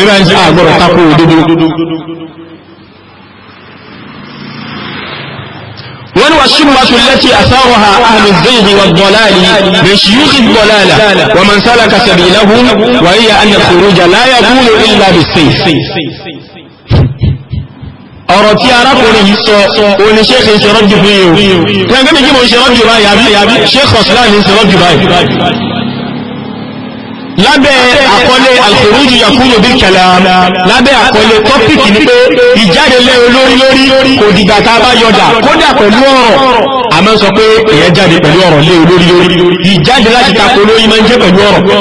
báyìí àgbọ̀rọ̀ tako òdodo. wọ́n wá ṣùgbọ́n lẹ́tí àsáwọ̀ha àlùzẹ́yìn wà gbọ́láàlì bẹ̀ṣì yóò fi gbọ́láàlà wọ́n mọ̀ ń sálà kàṣàbí ìlàhùn wàyí àyàkùrù jà láyà kúrò ìlà bìsẹ̀ ọ̀rọ̀ tí arákùnrin yìí sọ òun ni ṣéèkì ń ṣẹ̀rọ̀ jù fún yìí o kẹ́ńgẹ́ mi kí mo ń ṣẹ̀rọ̀ jù báyìí àbí àbí ṣéèkì ọ̀sùlá ni ń ṣẹ̀rọ̀ jù báyìí. lábẹ́ àkọlé alkhuruju yakunu bil kalam lábẹ́ àkọlé tọ́pìkì ni pé ìjáde lé olórí lórí kò dìgbà tá a bá yọ̀dà kódà pẹ̀lú ọ̀rọ̀ àmọ́ sọ pé èèyàn jáde pẹ̀lú ọ̀rọ̀ lé olórí lórí ìjáde láti takò olórí máa ń jẹ́ pẹ̀lú ọ̀rọ̀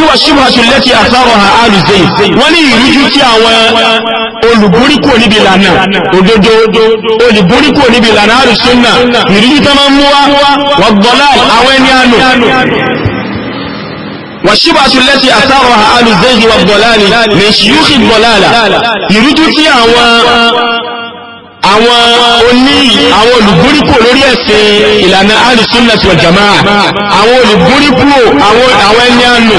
wọ́n ní wà ṣíbọ̀ aṣùlẹ́tì àtàrọ̀ àlùzẹ́ wọ́n ní ìrújú tí àwọn olùgbóríkò níbi ìlànà òdodo olùgbóríkò níbi ìlànà àrùsọ́nà ìrújú tó máa ń mú wá gbọ́lá àwọn ẹni àánú wàṣíbàṣù lẹ́tí àtàrọ̀ àlùzẹ́ ìwà gbọ́lá ni mẹ́ṣíyúkì gbọ́lá ìrújú tí àwọn oní àwọn olùgbóríkò lórí ẹ̀sìn ìlànà alìsúnnàtì wal jamaa àwọn olùgbóríkò àwọn ẹni ànù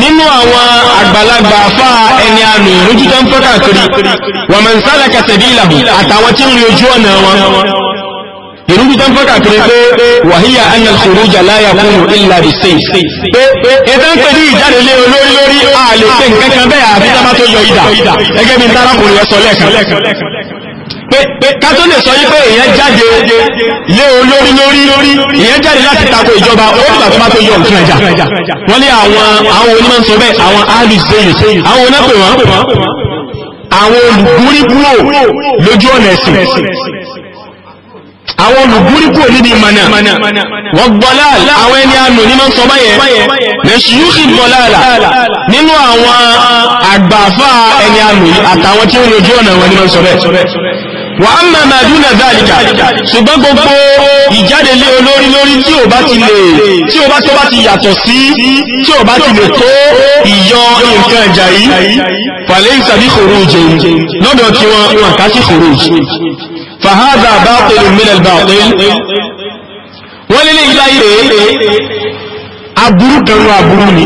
nínú àwọn àgbàlagbà afá ẹni ànù lójútọ́ ń fọ́kà kiri wa man salaka sabilahu àtàwọn tí ń rí ojú ọ̀nà wọn ìrúbí tán fọ́kà kiri pé wàhíyà annal khuruja la yakunu illa bis-sayf pé ẹ̀tàn ìjáde lé olórí lórí ààlè pé nǹkan kan bẹ́ẹ̀ àbí tábà tó yọ ìdà gẹ́gẹ́ bí tárakùnrin ẹ̀sọ́ lẹ́ẹ̀kan ká tó lè sọ yí pé èèyàn jáde lé olórí lórí èèyàn jáde láti tako ìjọba onígbà tó bá tó yọ nǹkan ẹja wọ́n ní àwọn àwọn onímọ̀ sọ bẹ́ẹ̀ àwọn ali seyìn àwọn onápè wọ́n àwọn olùgúrí kúrò lójú ọ̀nà ẹ̀sìn àwọn olùgúrí kúrò níbi ìmọ̀nà wọ́n gbọ́lá àwọn ẹni àánú ní máa ń sọ báyẹn lẹ́ṣùyúkì gbọ́lá nínú àwọn àgbàfà ẹni àánú àtàwọn tí ó lójú ọ̀nà wọn ní máa sọ bẹ́ẹ̀ wà á máa máa dúnà dáríkà ṣùgbọ́n gbogbo ìjáde lé olórí lórí tí ò bá ti lè tí ò bá tó bá ti yàtọ̀ sí tí ò bá ti lè tó ìyọ nǹkan ẹ̀jà yìí fàlẹ́ ìsàbí kòrò ìjẹ lọ́dọ̀ tí wọ́n wọ́n kà sí kòrò ìjẹ fàhádà bá pẹ̀lú mílẹ̀ bá pẹ̀lú wọ́n lé ní ilé ayé rèé aburú kan aburú ni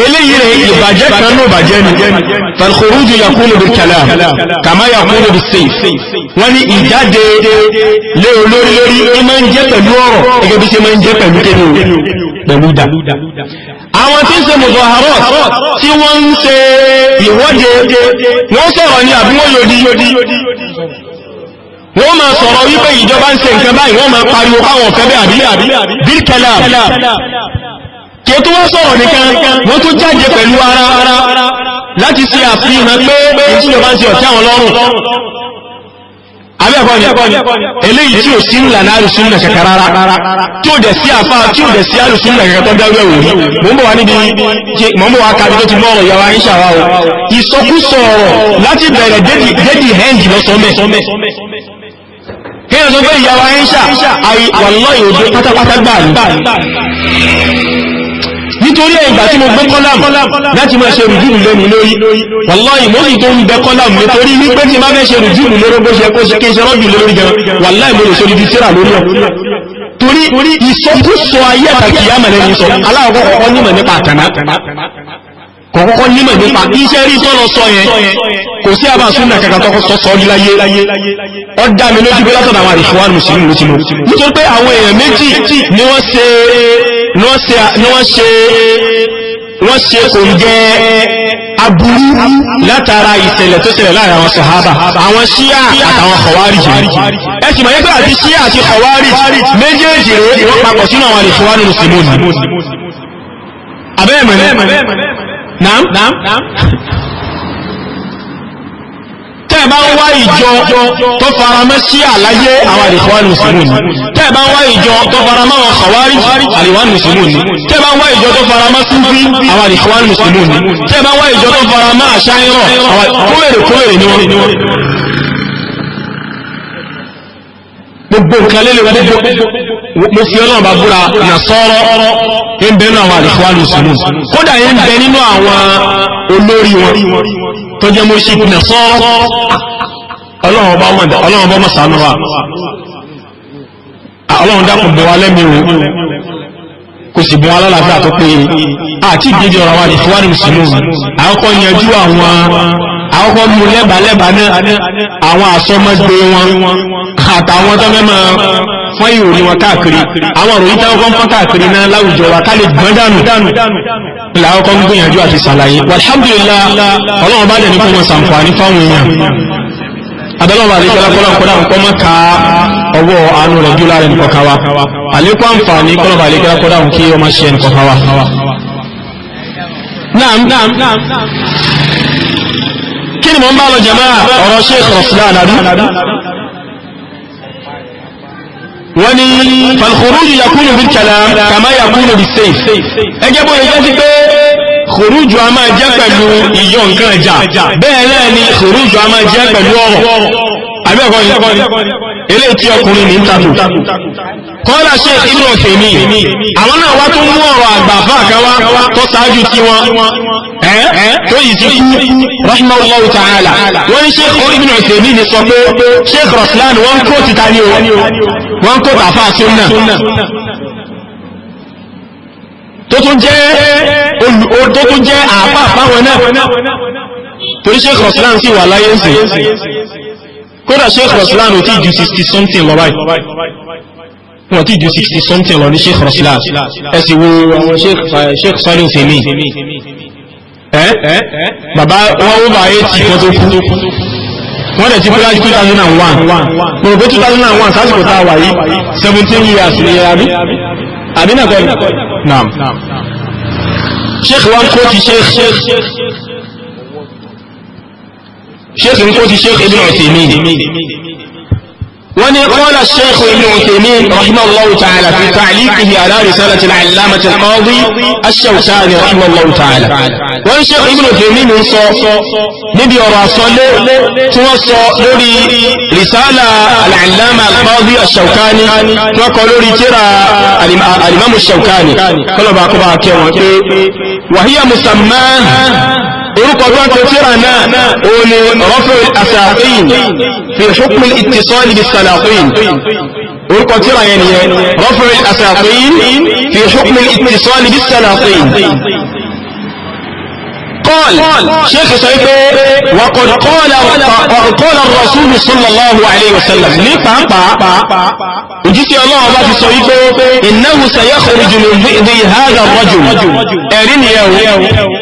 eléyìí rẹ̀ ìbàjẹ́ kan ló bàjẹ́ ni falkhuruju yakunu bil kalam kama yakunu bis sayf wọ́n ní ìjáde lé olórí lórí ní máa ń jẹ́ pẹ̀lú ọ̀rọ̀ gẹ́gẹ́ bí ṣe máa ń jẹ́ pẹ̀lú kéde pẹ̀lú dà àwọn tí ń ṣe mùsùlùmí tí wọ́n ń ṣe ìwọ́de wọ́n sọ̀rọ̀ ní àbúwọ́ yòdí wọ́n máa sọ̀rọ̀ wípé ìjọba ń ṣe nǹkan báyìí wọ́n máa pariwo káwọn fẹ́ bẹ́ẹ̀ àbí bíkẹ́lá kí ó tó wọ́n sọ̀rọ̀ nìkan wọ́n tó jáde pẹ̀lú ara láti ṣe àfihàn pé ìṣúlọ̀bá ń ṣe ọ̀tí àwọn lọ́rùn abẹ́ẹ̀kọ́ ni eléyìí tí ò sí ńlá náà lùsùn nà kẹkẹ rárá tí ò dẹ̀ sí àfá tí ò dẹ̀ sí àlùsùn nà kẹkẹ tó dáwẹ́ òní mò ń bọ̀ wá níbi mò ń bọ̀ wá kábi tó ti mọ́ ọ̀rọ̀ ìyàwó àyíṣà wa o ìsọkúsọ ọ̀rọ̀ láti bẹ̀rẹ̀ dédì hẹ́ǹdì lọ́sọ̀mẹ́ kéèyàn sọ pé ìyàwó àyíṣà àì wàlọ́ ìwòdó pátápátá gbà ní nítorí ẹ̀gbà tí mo gbé kọ́lámù láti máa ṣe rùjúmù lẹ́nu lórí wàláì mo sì tó ń bẹ kọ́lámù nítorí wípé tí má fẹ́ ṣe rùjúmù lórí bó ṣe kó ṣe kí n ṣe rọ́jù lórí gan wàláì mo lè ṣe dídí tíra lórí ọ̀ torí ìsọkúsọ ayé àtàkìyàmọ̀ lẹ́yìn sọ aláwọ̀ kọ́kọ́ nímọ̀ nípa àtàná kọ̀kọ́kọ́ nímọ̀ nípa iṣẹ́ rí sọ́lọ sọ yẹn kò sí àbá súnmọ̀ kàkàtọ́ sọ́sọ́ rí láyé ọ dá mi lójú pé látọ̀dà àwọn àrífọ́wà mùsùlùmí ló ti mú nítorí pé àwọn èèyàn méjì ni wọ́n ṣe ni wọ́n ṣe wọ́n ṣe kò ń jẹ́ aburú látara ìṣẹ̀lẹ̀ tó ṣẹlẹ̀ láàrin àwọn sọ̀hábà àwọn ṣíà àtàwọn kọ̀wárìjì ẹ sì máa yẹ́ pé àti ṣíà àti kọ̀wárìjì méjèèjì rẹ̀ wọ́n papọ̀ sínú àwọn àlèṣọ́wá nínú simoni abẹ́ẹ̀mẹ̀rẹ̀ tẹ́ẹ̀ bá ń wá ìjọ tó faramẹ́ sí àláyé àwọn àlèkọ́wàlù mùsùlùmí tẹ́ẹ̀ bá ń wá ìjọ tó faramẹ́ àwọn àwárí àlèwàlù mùsùlùmí tẹ́ẹ̀ bá ń wá ìjọ tó faramẹ́ síbí àwọn àlèkọ́wàlù mùsùlùmí tẹ́ẹ̀ bá ń wá ìjọ tó faramẹ́ àṣáyírọ̀ kúrèrè kúrèrè ni gbogbo nǹkan lélẹ̀ gbogbo mo fi ọlọ́run bá búra nàṣọ́rọ́ ń bẹ nínú àwọn àdìfọ́ àlùsùnù kódà ń bẹ nínú àwọn olórí wọn tó jẹ́ mo ṣe nàṣọ́rọ́ ọlọ́run bá wọn ọlọ́run bá wọn sànú wa ọlọ́run dákun bẹ wa lẹ́mìí o kò sì bùn alálàáfíà tó péye àti ìgbéjì ọ̀rọ̀ àwọn àdìfọ́ àlùsùnù àwọn kan yanjú àwọn àkọ́kọ́ mú lẹ́bàlẹ́bà náà àwọn àsọmọgbé wọn àtàwọn tó mẹ́mọ́ fún ìròyìn wọn káàkiri àwọn òròyìn tí wọ́n fọ́n káàkiri náà láwùjọ wa ká lè gbọ́n dànù làkọ́kọ́ ń gbìyànjú àti sàlàyé alhamdulillah ọlọ́run bá dẹ̀ ní fún wọn sàǹfààní fáwọn èèyàn adọ́lọ́wà àti ìjọba kọ́lá kọ́lá nǹkan mọ́ ká ọwọ́ àánú rẹ̀ jù láàrin nǹkan káwa àlékún àǹfààní kọ́lọ́wà àti ìjọba kọ́lá kí ọmọ ṣe nǹkan káwa. naam naam naam ni mo ń bá lọ jàmáà ọ̀rọ̀ Sheikh Ruslan àdú wọ́n ni falkhuruju yakunu bil kalam kama yakunu bis sayf ẹgẹ́ bó yẹ sí pé khuruju a máa jẹ́ pẹ̀lú ìyọ nǹkan ẹja bẹ́ẹ̀ náà ni khuruju a máa jẹ́ pẹ̀lú ọ̀rọ̀ àbẹ́ẹ̀kọ́ ni eléyìí tí ọkùnrin ní ń takò kọ́lá ṣe inú ọ̀sẹ̀ mi àwọn náà wá tó mú ọ̀rọ̀ àgbàfà káwá tó sáájú tí wọn tó yìí ti kú rahimahullahu ta'ala wọ́n ṣe inú ọ̀sẹ̀ mi ni sọ pé sheikh raslan wọ́n kó ti ta ní o wọ́n kó tàfà sunna tó tún jẹ́ tó tún jẹ́ àpá àpáwọn náà torí sheikh raslan sì wà láyé ń sè kódà sheikh raslan ò tí ju sixty something lọ báyìí wọn ti ju sixty something lọ ní sheikh rasulah ẹ sì wo àwọn sheikh salim sèmi ẹ bàbá wọn ó bá eighty kan tó kú wọ́n dẹ̀ ti pé láti 2001 gbogbo 2001 sásìkò tá a wà yìí Seventeen years ni àbí àbí nàkọ́ ni naam sheikh wa ń kó ti sheikh sheikh ń kó ti sheikh ibn Uthaymeen وني قال الشيخ ابن عثيمين رحمه الله تعالى في تعليقه على رسالة العلامة القاضي الشوكاني رحمه الله تعالى والشيخ ابن عثيمين ينصى نبي رسول توصى لوري رسالة العلامة القاضي الشوكاني توقع لوري ترى الإمام الشوكاني قال باقبا كيما وهي مسماه orúkọ tó ń pè tíra náà ó ní rọ́fẹ́ àṣàfihìn fi hukm al-ittisal bis-salafin orúkọ tíra yẹn nìyẹn rọ́fẹ́ àṣàfihìn fi hukm al-ittisal قال شيخ سعيد وقد قال قال الرسول صلى الله عليه وسلم ní pàápàá òjíṣẹ́ Ọlọ́run bá ti sọ إنه سيخرج من بئر هذا الرجل ẹ̀rí nìyẹn o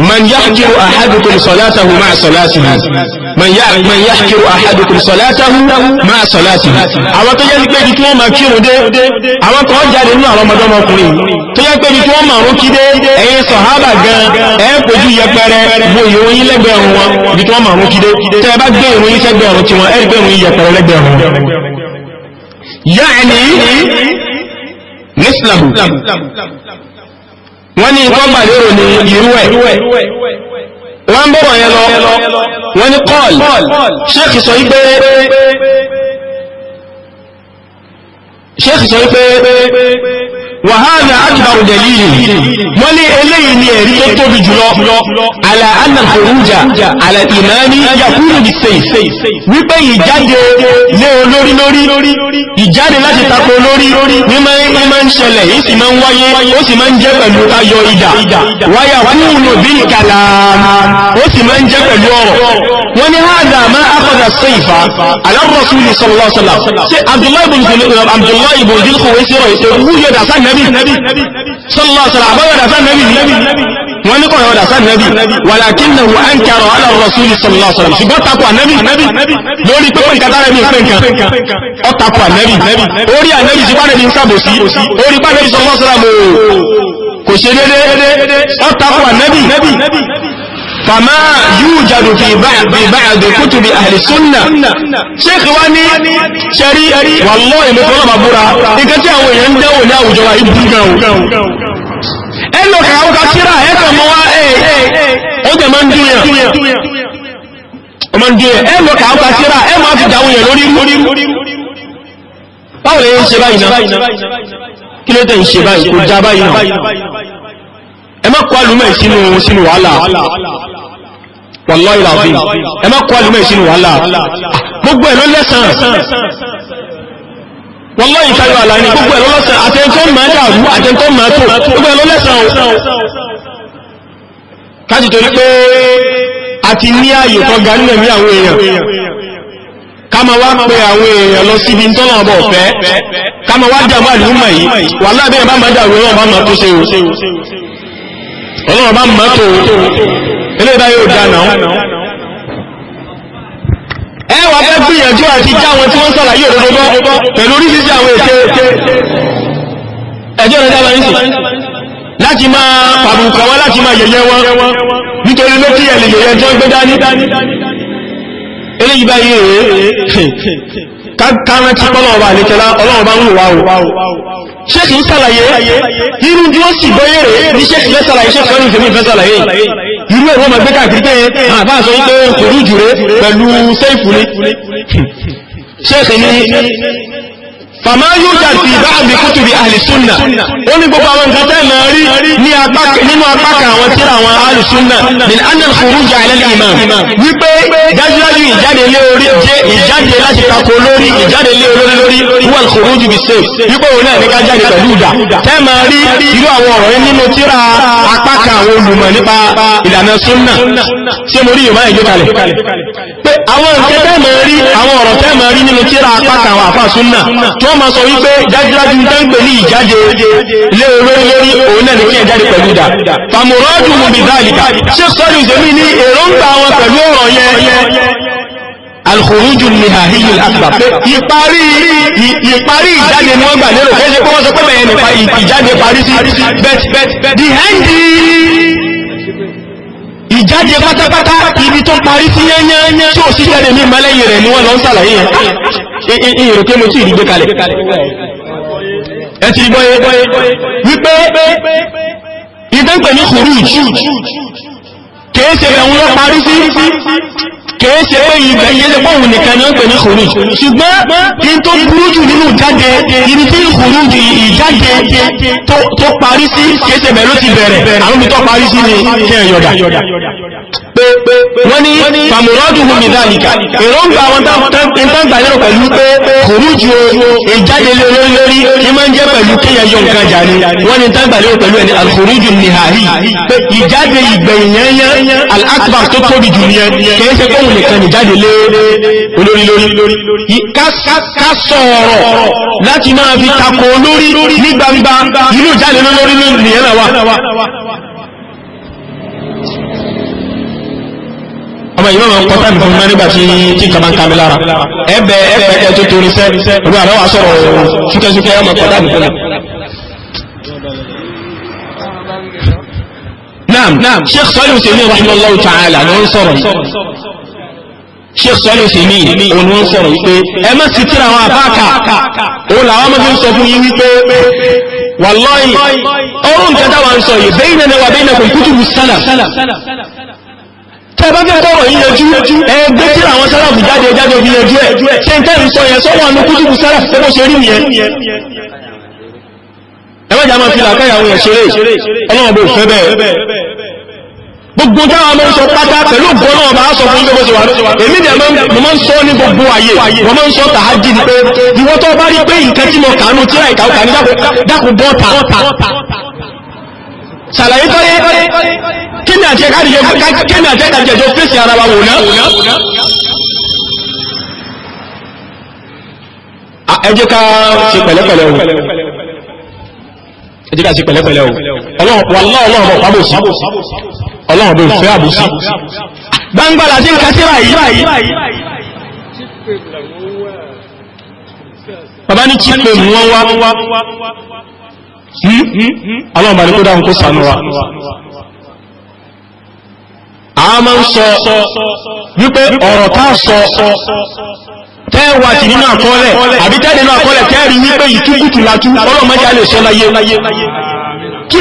من يحكر أحدكم صلاته مع صلاته من من يحكر أحدكم صلاته مع صلاته àwọn tó jẹ́ pé ibi tí wọ́n máa kírun dé àwọn kan jáde nínú àwọn ọmọdé ọmọkùnrin tó jẹ́ pé ibi tí wọ́n máa rún kí dé ẹ̀yin sọ̀hábà gan ẹ̀ kojú yẹpẹrẹ bo ìròyìn lẹ́gbẹ̀ẹ́ wọn ibi tí wọ́n máa rún kí dé tẹ́ ẹ bá gbé ìròyìn sẹ́gbẹ̀ẹ́ ọ̀run tiwọn ẹ̀ gbé ìròyìn yẹpẹrẹ lẹ́gbẹ̀ẹ́ wọn. yáà ní nísìlàmù wọ́n ní ikọ́ gbà lérò ní irú ẹ̀ wọ́n ń bọ̀rọ̀ yẹn lọ wọ́n ní kọ́ọ̀lì ṣéèkì sọ wípé ṣéèkì sọ wípé wàhálà akbaru dalili wọ́n ní eléyìí ni ẹ̀rí tó tóbi jùlọ ala anna khuruja ala imami yakunu bisayf wípé ìjáde lé olórí lórí ìjáde láti tako olórí ní máa ń ṣẹlẹ̀ yìí sì máa ń wáyé ó sì máa ń jẹ́ pẹ̀lú ayọ̀ ìdà wáyà kúrò bí kalam ó sì máa ń jẹ́ pẹ̀lú ọ̀rọ̀ wọ́n ní hádà máa akọ̀dà sayfa ala rasuli sallallahu alaihi wasallam nẹ́bí sallallahu alaihi wasallam àbọ́yọ̀dà sáà nẹ́bí wọ́n ní kọ̀rọ̀ ọ̀dà sáà nẹ́bí walakinahu ankara ala rasuli sallallahu alaihi wasallam ṣùgbọ́n takò ànẹ́bí lórí pẹ́pẹ́ nǹkan tára ẹni pẹ́ǹkan ọ takò ànẹ́bí orí ànẹ́bí ṣùgbọ́n ànẹ́bí ń sàbòsí orí pàdé sallallahu alaihi wasallam kò ṣe déédéé ọ takò ànẹ́bí fàmá yóò jàdù fi báyàdù kútù bí ahli súnnà ṣéèkì wá ní ṣẹ̀rí wàlọ́ ìlú fọ́nà búra nǹkan tí àwọn èèyàn ń dẹ́wò ní àwùjọ wa ìbú gan o ẹnu kàkàkà síra ẹ̀kọ́ mọ́ wá ó jẹ́ máa ń dúnyàn ọmọ ń dúnyàn ẹnu kàkàkà síra ẹ máa fi dàwọn èèyàn lórí báwo lè ń ṣe báyìí náà kí ló tẹ̀ ń ṣe báyìí kò já báyìí náà ẹ má kó àlùmọ̀ sínú wàhálà wallahi alazim ẹ má kọ́ àlùmọ́ ìsinú wàhálà gbogbo ẹ̀ ló lẹ́sàn wallahi ìtayọ̀ àlà ni gbogbo ẹ̀ ló lẹ́sàn àtẹ̀ntọ́ máa dàrú àtẹ̀ntọ́ máa tó gbogbo ẹ̀ ló lẹ́sàn o káàtì torí pé a ti ní ààyè tó ga nílẹ̀ ní àwọn èèyàn ká ma wá pé àwọn èèyàn lọ síbi tọ́nà ọmọ ọ̀fẹ́ ká ma wá dàmú àlùmọ̀ yìí wà lábẹ́ bá máa dàrú ọlọ́run máa tó ṣe o ọlọ́run máa tó o ilé ìdá yóò dáná ẹ wà fẹ́ gbìyànjú àti já àwọn tí wọ́n sàlàyé òdodo pẹ̀lú oríṣiríṣi àwọn ète ẹjọ́ rẹ̀ dábàá ní sí láti máa pàbùkọ̀ wọn láti máa yẹ̀yẹ́ wọn nítorí lókè ẹ̀lẹ̀ yẹ̀yẹ́ tí wọ́n gbé dání eléyìí báyìí rèé káàrán tí pọ́lọ̀ ọba àlékẹ́lá ọlọ́run bá ń lò wá o ṣéṣì ń sàlàyé irú bí ó sì gbọ́yé rèé ní ṣéṣì lẹ́sàlàyé ṣéṣì lọ́rùn irú ẹ̀rọ ọmọ gbé káàkiri pé àbá sọ wípé kò rújù rẹ pẹ̀lú sẹ́ẹ̀fù ni ṣéèkì ni fàmá yóò jà sí báàbí kutubi ahli sunna ó ní gbogbo àwọn nǹkan tẹ́ máa rí nínú apákà àwọn tírà àwọn ahli sunna min anil khuruj ala al imam wípé dájúdájú ìjáde lé orí jẹ́ ìjáde láti tako lórí ìjáde lé orí lórí huwal khuruj bi sayf wípé òun náà ní ká jáde pẹ̀lú ìdá tẹ́ máa rí irú àwọn ọ̀rọ̀ nínú tírà apákà àwọn olùmọ̀ nípa ìlànà sunna tí mo rí yorùbá àwọn nǹkan tẹ́ mọ̀ rí àwọn ọ̀rọ̀ tẹ́ mọ̀ rí nínú tíra apáta àwọn àfà súnà tí wọ́n máa sọ wípé dájúdájú ń tẹ́ǹpẹ̀ ní ìjáde lé olórí lórí òun náà ní kí ẹ jáde pẹ̀lú ìdá fàmùrọ́dù mú bí dáàlìkà ṣé sọ́ọ̀lù ìsèmí ní èròǹgbà wọn pẹ̀lú ọ̀rọ̀ yẹn alkhuruju nihahiyul akbar pé ìparí ìparí ìjáde ni wọ́n gbà lérò kẹ́sẹ̀ pé wọ́n sọ pé bẹ̀yẹn ìjáde parí sí bet bet the handy ìjáde pátápátá ibi tó parí sí yẹ́nyẹ́ tí ò sí jáde ní ìmọ̀lẹ́yìn rẹ̀ ni wọ́n lọ ń sàlàyé yẹn ìrò pé mo sì rí gbé kalẹ̀ ẹ ti gbọ́yé wípé ìdẹ́gbẹ̀ ní kòrúùjù kèése rẹ̀ ń lọ parí sí kìí ṣe pé ibẹ̀ kìí ṣe pọ́wùn nìkan ni ó ń pè ní kòrò ṣùgbọ́n in tó burú jù nínú jáde ibi tí kòrò jù ìjáde tó parí sí kìí ṣe bẹ̀ ló ti bẹ̀rẹ̀ àwọn ibi tó parí sí ni kí wọ́n ní pàmùrọ́dù hùmí dáríkà èròǹgbà wọn tàǹtà lérò pẹ̀lú pé kòrújù ìjáde lórí lórí ní máa ń jẹ́ pẹ̀lú kíyà yọ nǹkan jà ní wọ́n ní tàǹtà lérò pẹ̀lú ẹni alkòrújù nìhàrí pé ìjáde ìgbẹ̀yìnyẹnyẹ al-akbar tó tóbi jù ní ẹ kìí ṣe kóhùn nìkan ìjáde lé olórí lórí ká sọ̀rọ̀ láti máa fi tako olórí ní gbangba ìlú ìjáde lórí lórí nìyẹn náà wà máa yóò máa ń kọ́tà nìkan náà nígbà tí tí nǹkan máa ń kami lára ẹ bẹ ẹ bẹ ẹ tó torí sẹ olú àlọ́ wa sọ̀rọ̀ súkẹ́súkẹ́ ẹ máa kọ́tà nìkan náà. naam naam sheikh sọ́lé hussein rahimahullahu ta'ala ni wọ́n sọ̀rọ̀ yìí sheikh sọ́lé hussein òun ni wọ́n sọ̀rọ̀ pé ẹ má sì kíra àwọn àbáàkà òun làwọn máa ń sọ fún yín wípé wàlọ́ọ̀yì ọ̀rùn kẹta wa ń sọ yìí bẹ́ẹ̀ ni wà bẹ́ẹ̀ ni kò kútùrù sálà tẹ́bá fẹ́ kọ́rọ̀ yí yanjú ẹgbẹ́ tí àwọn sáràfù jáde jáde fi yanjú ẹ̀ ṣe ń tẹ́rì sọ yẹn sọ́wọ́n ní kútùkù sáràfù tó ṣe rí nìyẹn ẹwọ́jà máa fi làkáyàwó yẹn ṣeré ọlọ́run bó fẹ́ bẹ́ẹ̀ gbogbo táwọn ọmọ sọ pátá pẹ̀lú gbọ́nà ọba á fún gbogbo ṣe wà èmi dẹ̀ mo máa ń sọ ní gbogbo ayé mo máa ń sọ tàájì ni pé ìwọ́tọ̀ bá rí pé nǹkan tí mo kà á nù tíra ìkàwé kà ní ṣàlàyé tọ́lé kíni àti ẹ̀kàjẹ̀jọ fèsì ara wa wòná ẹjẹ́ ká ṣe pẹ̀lẹ́pẹ̀lẹ́ o ẹjẹ́ ká ṣe pẹ̀lẹ́pẹ̀lẹ́ o ọlọ́ọ̀lọ́ọ̀ bọ̀ pàbòsí ọlọ́ọ̀ bọ̀ fẹ́ àbòsí gbangbala sí kásíra yìí bàbá ní chípe mú wọn wá Hmm? ọlọ́run bá ní kó dáhùn a máa ń wípé ọ̀rọ̀ sọ tẹ́wàá nínú àkọọ́lẹ̀ àbí tẹ́ẹ̀dẹ̀ nínú àkọọ́lẹ̀ wípé ìtúkùtù látú ọlọ́mọdé a lè sọ láyé kí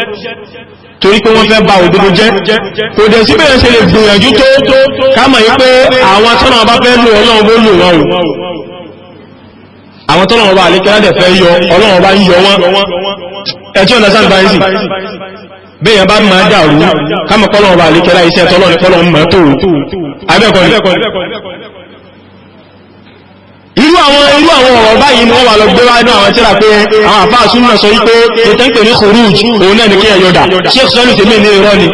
kí torí pé wọ́n fẹ́ ba òdodo jẹ́ kò dẹ̀ sí bẹ̀rẹ̀ ṣe lè gbìyànjú tó káàmà yí pé àwọn tọ́nà bá fẹ́ lò ọlọ́run bó lò wọn o àwọn tọ́nà bá àlékẹ́ ládẹ̀ fẹ́ yọ ọlọ́run bá ń yọ wọn ẹjọ́ ọ̀nàsán bá ń sì bẹ́yàn bá máa dàrú káàmà kọ́lọ́run bá àlékẹ́ láìsẹ́ tọ́lọ́run kọ́lọ́run mọ́ tó abẹ́kọ̀ọ́ àwọn irú àwọn ọ̀rọ̀ báyìí ni wọ́n wà lọ gbé wá inú àwọn tíra pé àwọn àfáà súnmọ̀ sọ wípé ìtẹ́ǹkẹ̀ ní kòrúj òun náà ní kí ẹ̀yọ́dà sheikh sọ́lù tèmi ní irọ́ ni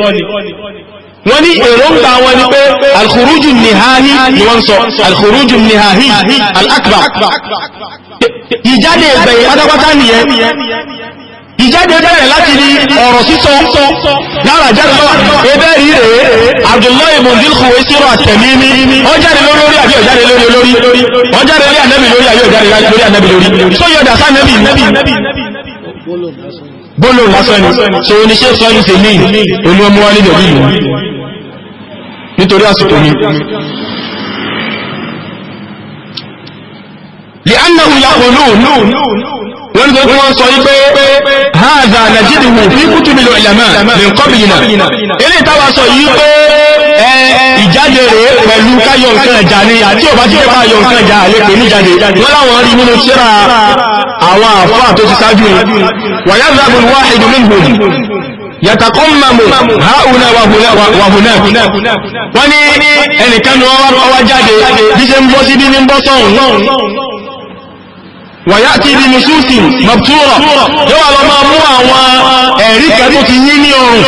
wọ́n ní èròǹgbà wọn ni pé alkhuruju nihahi ni wọ́n sọ alkhuruju nihahi al ìjáde ìgbẹ̀yìn pátápátá nìyẹn ìjáde bẹ̀rẹ̀ láti ní ọ̀rọ̀ sísọ lára jáde lọ́wọ́ ebe rí rèé Abdullahi mundil kòwé sírò àtẹ̀mí ní wọ́n jáde lórí orí àbí ọ̀jáde lórí olórí wọ́n jáde lórí ànẹ́bì lórí àbí ọ̀jáde lórí ànẹ́bì lórí sọ yọ̀dà sá nẹ́bì bólò lásán ni ṣe oníṣẹ́ sọ yìí tèmi olú ọmọ wa nílẹ̀ لأنه يقولون wọ́n tó wọ́n sọ yí pé haza najiduhu fi kutubil ulama min qablina ilé ìtawà sọ yí pé ẹ ìjáde rẹ̀ pẹ̀lú káyọ̀ nǹkan ẹ̀jà ni àti ọba tí ó yọ nǹkan ẹ̀jà lè pè níjáde wọ́n láwọn rí nínú síra àwọn àfọ́wà tó ti ṣáájú ni wayadhabu alwahidu minhum yàtàkọ́mọ̀mù haúnà wàhúnà wọ́n ní ẹnìkan ni wọ́n wá jáde bí ṣe ń bọ́ sí bí ní ń bọ́ sọ́hùn wàyátí ibi nùsùsì mọ̀túrọ̀ yóò wà lọ máa mú àwọn ẹ̀rí kan tó ti yí ní ọrùn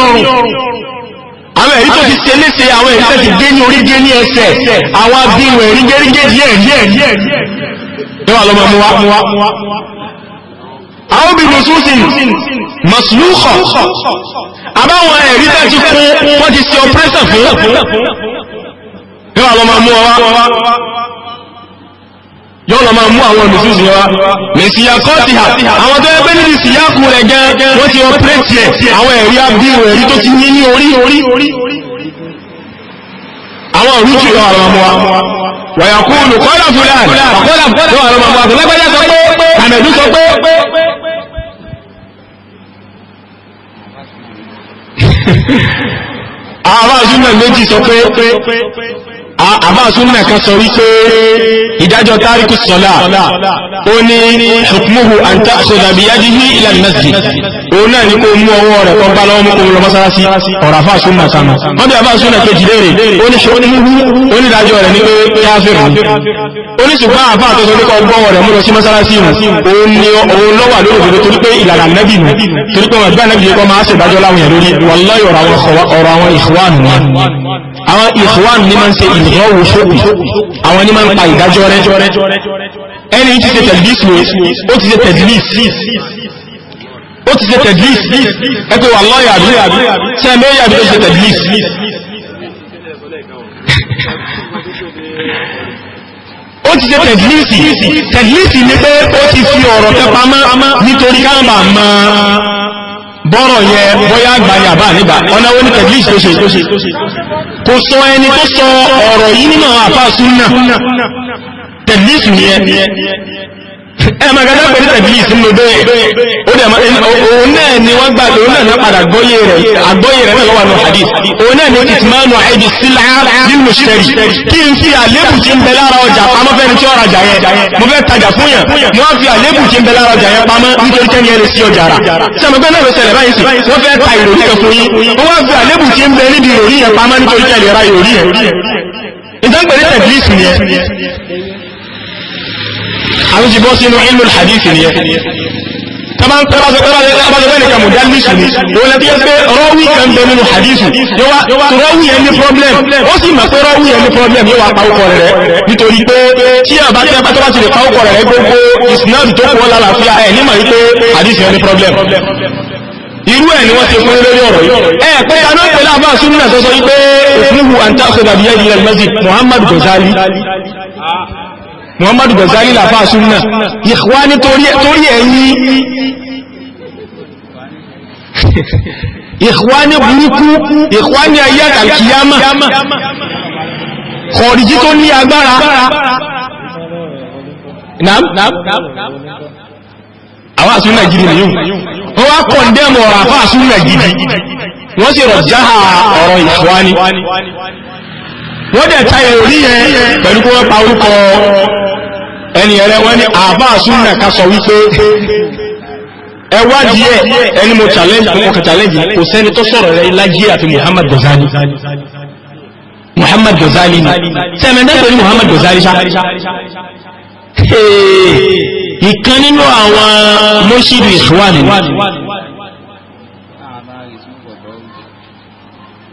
àwọn ẹ̀rí tó ti ṣe léṣe àwọn ẹ̀rí tó ti gé ní orí gé ní ẹsẹ̀ àwọn abíwọ̀ ẹ̀rí gẹ́rígẹ́ díẹ̀ díẹ̀ yóò wà lọ máa mú wa àwọn ibi nùsùsì mọ̀sùlùkọ̀ àbáwọn ẹ̀rí tó ti kún wọ́n ti ṣe ọpẹ́sẹ̀ fún yóò wà lọ máa mú wa yọ́ lọ máa mú àwọn olùsùsù yẹn wá kọ́ọ̀tì hà àwọn tó yẹ pé níbi síyáàkù rẹ̀ gan wọ́n ti wọ́n pírẹ́tì ẹ̀ àwọn ẹ̀rí abíhù ẹ̀rí tó ti ní ní orí àwọn òrùjù yọ àwọn ọmọ wa wọ̀yàkú olùkọ́lá fúlàn àkọ́lá yọ àwọn ọmọ àtọ́lágbájá sọ pé kàmẹ̀dú sọ pé àwọn àṣùnà méjì sọ pé àbáṣún náà kan sọ wípé ìdájọ́ tárikù sọ́lá ó ní hukmuhu an ta'khudha biyadihi ila al-masjid ó náà ní kó mú ọwọ́ rẹ̀ kan bá lọ́wọ́ mú kó lọ mọ́sálásí ọ̀rọ̀ àbáṣún náà sánà wọ́n bí àbáṣún náà kejì léèrè ó ní hukmuhu onídájọ́ rẹ̀ ní pé káfíìrì ni ó ní ṣùgbọ́n àbá àtọ́sọ nípa ọgbọ́n rẹ̀ mú lọ sí ìdíwọ́wò fókù àwọn ní máa ń pa ìdájọ́ rẹ ẹni tí ṣe tẹ̀lís lò ó ti ṣe tẹ̀lís ó ti ṣe tẹ̀lís ẹ pé wà lọ́ọ̀yà àbí sẹ́mi ó yàbí ó ṣe tẹ̀lís. ó ti ṣe tẹ̀lísì tẹ̀lísì ni pé ó ti fi ọ̀rọ̀ tẹpamọ́ nítorí káàmà máa bọ́rọ̀ yẹ bọ́yá àgbáyà bá nígbà ọ̀nà wo ní tẹ̀lé ìṣẹ́ṣe kò sọ ẹni tó sọ ọ̀rọ̀ yìí nínú àfáà súnà tẹ̀lé ìṣù yẹ ẹ̀mà gàdá pẹ̀lú tẹ̀bílì sínú bẹ́ẹ̀ òun náà ni wọ́n gbà lóun náà padà àgbọ́yé rẹ̀ àgbọ́yé rẹ̀ lọ́wọ́ àwọn hadith òun náà ni ìtìmánu àìdí sílá nínú ṣẹ́rì kí n fi àlébù tí ń bẹ lára ọjà pamọ́ fẹ́ni tí ó rajà yẹn mo fẹ́ tajà fún yàn mo wá fi àlébù tí ń bẹ lára ọjà yẹn pamọ́ nítorí kẹ́ni ẹni sí ọjà rà sẹ́mọ̀gbẹ́ náà ló ṣẹlẹ̀ àwọn ti bọ́ sínú ilmu hadith nìyẹn taban taban sọ pé taban sọ pé nìkan mo dalisu ni lẹ́tí yẹn pé kan bẹ nínú hadithu yóò wá yẹn ní problem ó sì mọ̀ pé rọ́wì yẹn ní problem yóò wá pawọ́kọ̀ rẹ̀ nítorí pé tí àbá tí àbá tó bá ti lè pawọ́kọ̀ rẹ̀ gbogbo isnad tó kọ́ lálàáfíà ẹ̀ nímọ̀ yìí pé hadith yẹn ní problem irú ẹ̀ ni wọ́n ti fún lórí ọ̀rọ̀ yìí ẹ̀ pé kaná pẹ̀lú àbá súnmọ́ sọ́sọ́ yìí pé òfin hu àǹtà àkọ́dàbíyẹ́ ìlẹ̀ mẹ́sì Muhammad Ghazali muhammadu gazali làfà súnà ìkwá nítorí ẹ̀yìn ìkwá ní burúkú ìkwá ní ayé àkàkìyàmà kọ̀ọ̀dìjí tó ní agbára àwọn àsún nàìjírí ni yóò wọ́n wá kọ̀ndẹ́mù ọ̀rọ̀ àfá àsún nàìjírí wọ́n sì rọ̀ jáhà ọ̀rọ̀ ìfúwání wọ́n dẹ̀ tayẹ̀ orí yẹn pẹ̀lú kó wọ́n pa orúkọ ẹni ẹ̀rẹ́ wọ́n ní àbá súnmọ̀ ká sọ wípé ẹwà díẹ̀ ẹni mo challenge mo kà challenge kò sẹ́ni tó sọ̀rọ̀ rẹ̀ láyé àti Muhammad Ghazali Muhammad Ghazali ni sẹ́mẹ̀dẹ́gbẹ̀rí Muhammad Ghazali sá ìkan nínú àwọn mọ́ṣídìí ìṣúwà nínú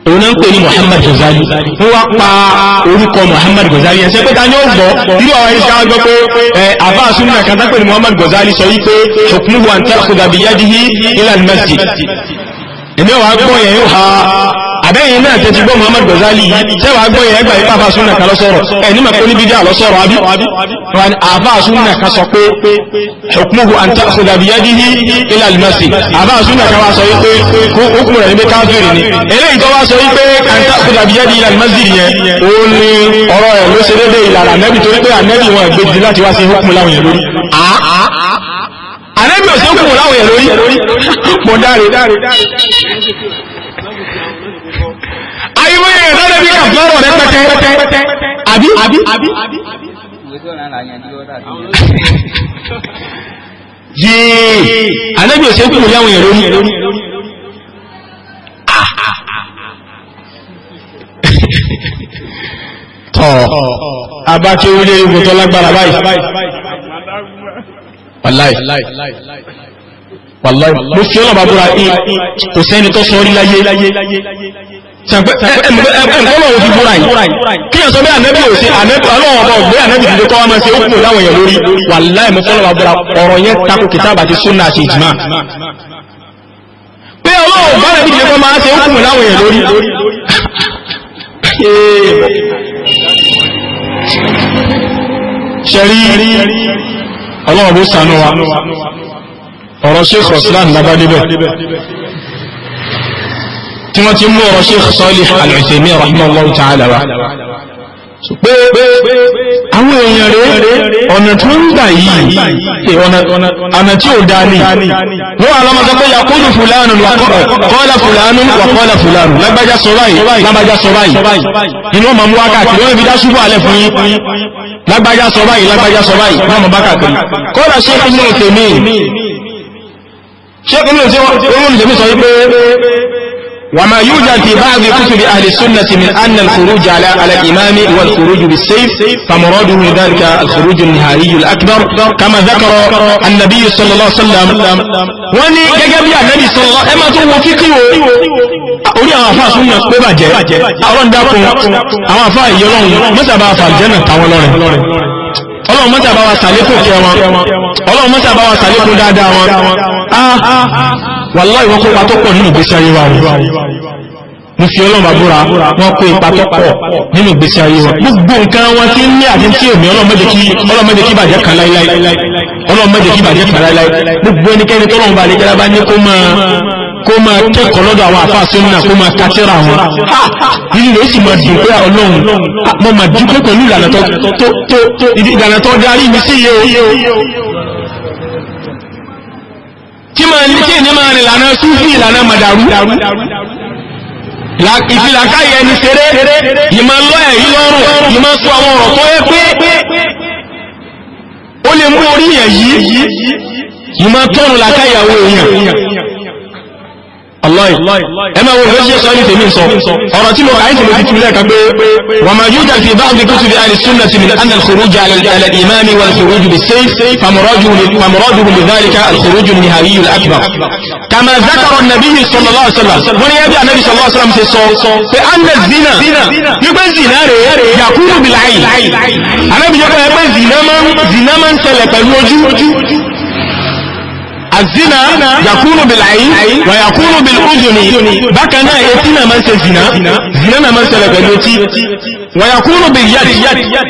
òun náà ń pè ní Muhammad Ghazali wọ́n wá pa orúkọ Muhammad Ghazali ẹ̀sẹ̀ pé ta ni ó gbọ́ irú àwọn ẹ̀sẹ̀ àwọn gbọ́ pé ẹ̀ àbá àsúnmọ̀ kàtàkùn ní Muhammad Ghazali sọ yí pé hukmuhu an ta'khudha biyadihi ila al èmi ò wá gbọ́ yẹn yóò ha àbẹ́yìn náà tẹ́ ti gbọ́ Muhammad Ghazali tẹ́ wàá gbọ́ yẹn ẹgbà yìí pàfà súnà kan lọ́sọ̀rọ̀ ẹ̀ ní màkó níbi díà lọ́sọ̀rọ̀ àbí wọn àfà súnà kan sọ pé hukmuhu an ta'khudha biyadihi ila al-masjid àfà súnà kan wá sọ wípé hukumu rẹ̀ níbi káfíìrì ni eléyìí tó wá sọ wípé an ta'khudha biyadihi ila àrẹ́bí ò sókùn láwọn èèyàn lórí mọ̀ dáre ayébóyè lọ́dẹ̀ bí kàfọ́rọ̀ rẹpẹtẹ àbí yìí àrẹ́bí ò sókùn láwọn èèyàn lórí tọ́ abákéwúlé ibùtọ́ lágbára báyìí wàláì wàláì mo fi ọlọ́ba búra in kò sẹ́ni tó sọ orí láyé ẹ̀mọ́lọ́ òfin búra yìí kí ẹ̀sọ́ bí ànẹ́bí ò sí ọlọ́wọ́ ọba ògbé ànẹ́bí dídé kọ́ ọmọ sí ó kò láwọn èèyàn lórí wàláì mo fọlọ́ba búra ọ̀rọ̀ yẹn tako kìtàbà àti súnà àti ìjìmá pé ọlọ́wọ́ bá ànẹ́bí dídé kọ́ máa ṣe ó kò láwọn èèyàn lórí ṣẹ̀rí ọlọ́wọ́ bó sànú wa ọ̀rọ̀ sheikh roslan labadebe tí wọ́n ti mú ọ̀rọ̀ sheikh Salih Al-Uthaymeen rahimahullahu ta'ala wa pé àwọn èèyàn rẹ̀ ọ̀nà tí wọ́n ń gbà yìí ọ̀nà tí ò dá ní wọ́n wà lọ́mọ sọ pé yakúlù fùlánù wàkọ́rọ̀ kọ́lá fùlánù wàkọ́lá fùlánù lágbájá sọ báyìí lágbájá sọ báyìí inú ọmọ mú wákàtí wọ́n fi dá ṣubú alẹ́ fún yín lágbájá sọ báyìí lágbájá sọ báyìí wọ́n mọ̀ bá kàkiri kọ́lá ṣe é kí ní òkè míì ṣé kí ní òkè míì sọ wípé وما يوجد في بعض كتب أهل السنة من أن الخروج على على الإمام هو الخروج بالسيف فمراده ذلك الخروج النهائي الأكبر كما ذكر النبي صلى الله عليه وسلم وأن يجب النبي صلى الله عليه وسلم orí àwọn afá súnmọ̀ pé bàjẹ́ àwọn dákun àwọn afá ìyọlọ́run mọ́sàbá afá àlùjànnà tàwọn lọ́rẹ̀ ọlọ́run mọ́sàbá wa sàlékún kẹ wọn ọlọ́run mọ́sàbá wa sàlékún dáadáa wọn ah wàláhì wọ́n kópa tó pọ̀ nínú ìgbésí ayé wa rẹ̀ mo fi ọlọ́run bàbúra wọn kó ipa tó pọ̀ nínú ìgbésí ayé wọn gbogbo nǹkan wọn ti ń ní àti tí èmi ọlọ́run mẹ́jẹ kí ọlọ́run mẹ́jẹ kí bàjẹ́ kan láíláí ọlọ́run mẹ́jẹ kí bàjẹ́ kan láíláí gbogbo ẹnikẹ́ni tọ́lọ́run bá lè jẹ́ra bá ní kó máa kó máa kẹ́kọ̀ọ́ lọ́dọ̀ àwọn àfa sọ́nà kó máa kátẹ́ra wọn nínú rẹ̀ ó sì máa dùn pé ọlọ́run mo máa dúpẹ́ pẹ̀lú ìlànà tó ìlànà màdàrú ìfìlàká yẹni ṣeré ìmọ̀ lọ ẹ̀yí lọ́rùn ìmọ̀ sọ àwọn ọ̀rọ̀ tó yẹ pé ó lè mú orí yẹ̀ yìí ìmọ̀ tọ́rùn làkáyàwó èèyàn ọlọ́ì ẹmọ wo ìwé ṣe sọ ní tèmi sọ ọ̀rọ̀ tí mo kà ní tèmi ti túlẹ̀ kan pé wà máa yóò jà fi bá ọdún kútu bí alì súnà ti mìíràn àndà kòrójì alẹ́ ìmáàmì wà kòrójì bí sẹ́yìn pàmọ́rọ́jù bí dáríkà alkòrójù ní harí yìí akbar kama zakaro nabi sallallahu alaihi wasallam wani yabi anabi sallallahu àzínà yàkúnù bìláyí wà yàkúnù bìlúùdùnì bákan náà etí náà máa ń ṣe zìnà zìnà náà máa ń ṣẹlẹ̀ pẹ̀lú etí wàyàkúrò bí yàdì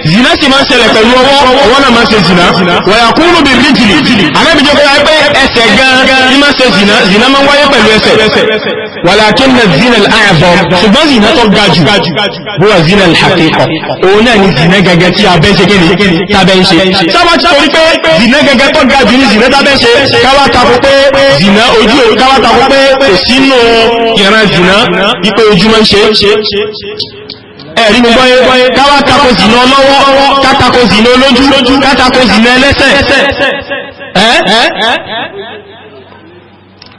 zina sì máa ń ṣẹlẹ̀ pẹ̀lú ọwọ́ ọwọ́ náà máa ṣe zina wàyàkúrò bí ríjìlì alábìjọ pé ẹgbẹ́ ẹsẹ̀ gan-an máa ṣe zina zina máa ń wáyé pẹ̀lú ẹsẹ̀ wàlàkí na zina àyàfọ́ ṣùgbọ́n zina tó ga jù bó wà zina àkẹ́kọ̀ òun náà ni zina gẹ́gẹ́ tí abẹ́ ṣe kéde tábẹ́ ń ṣe sábà torí pé zina gẹ́gẹ́ tó ga jù ní zina tábẹ́ ṣe káwá tako pé zina ojú káwá tako pé kò sínú ìran zina wípé ojú máa ń ṣe ẹ̀rí mi gbọ́yé káwá tako zìnà lọ́wọ́ kátako zìnà lójú kátako zìnà ẹlẹ́sẹ̀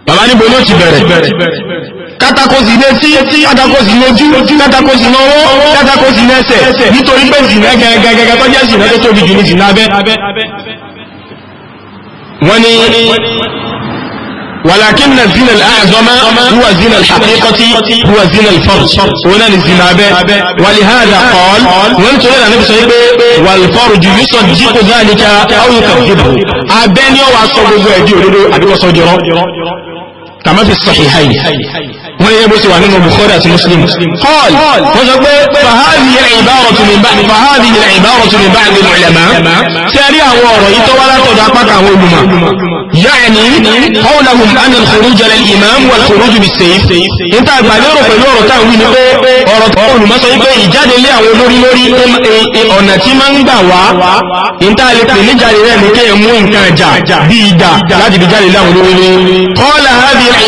bàbá níbo ló ti bẹ̀rẹ̀ kátako zìnà etí kátako zìnà ojú kátako zìnà ọwọ́ kátako zìnà ẹsẹ̀ nítorí pé zìnà gẹ́gẹ́gẹ́gẹ́ tó jẹ́ zìnà tó tóbi jù ní zìnà abẹ́ wọ́n ní ولكن الزنا الأعظم هو زنا الحقيقة هو زنا الفرج هنا الزنا به ولهذا قال وانت هنا النبي صلى والفرج يصدق ذلك أو يكذبه أبين يوعى صدق ويجي أبي وصدره كما في الصحيحين ẹbó ti wà nínú Bukhari àti Muslim qal wọ́n sọ pé fàhádì yẹ ìbáwọ̀tù ní bá fàhádì yẹ ìbáwọ̀tù ní bá ní ulama tí a rí àwọn ọ̀rọ̀ yìí tó wá látọ̀dọ̀ apáta àwọn olùmọ̀ yáàni qawluhum anna al-khuruj lil-imam wal-khuruj bis-sayf níta àgbàlérò pẹ̀lú ọ̀rọ̀ táà wí ni pé ọ̀rọ̀ tó olùmọ̀ sọ wípé ìjáde lé àwọn olórí lórí ọ̀nà ní jáde rẹ̀ ní kéèyàn mú nǹkan ẹ̀jà bí ìdà láti fi jáde lé àwọn olórí lórí qala hadhihi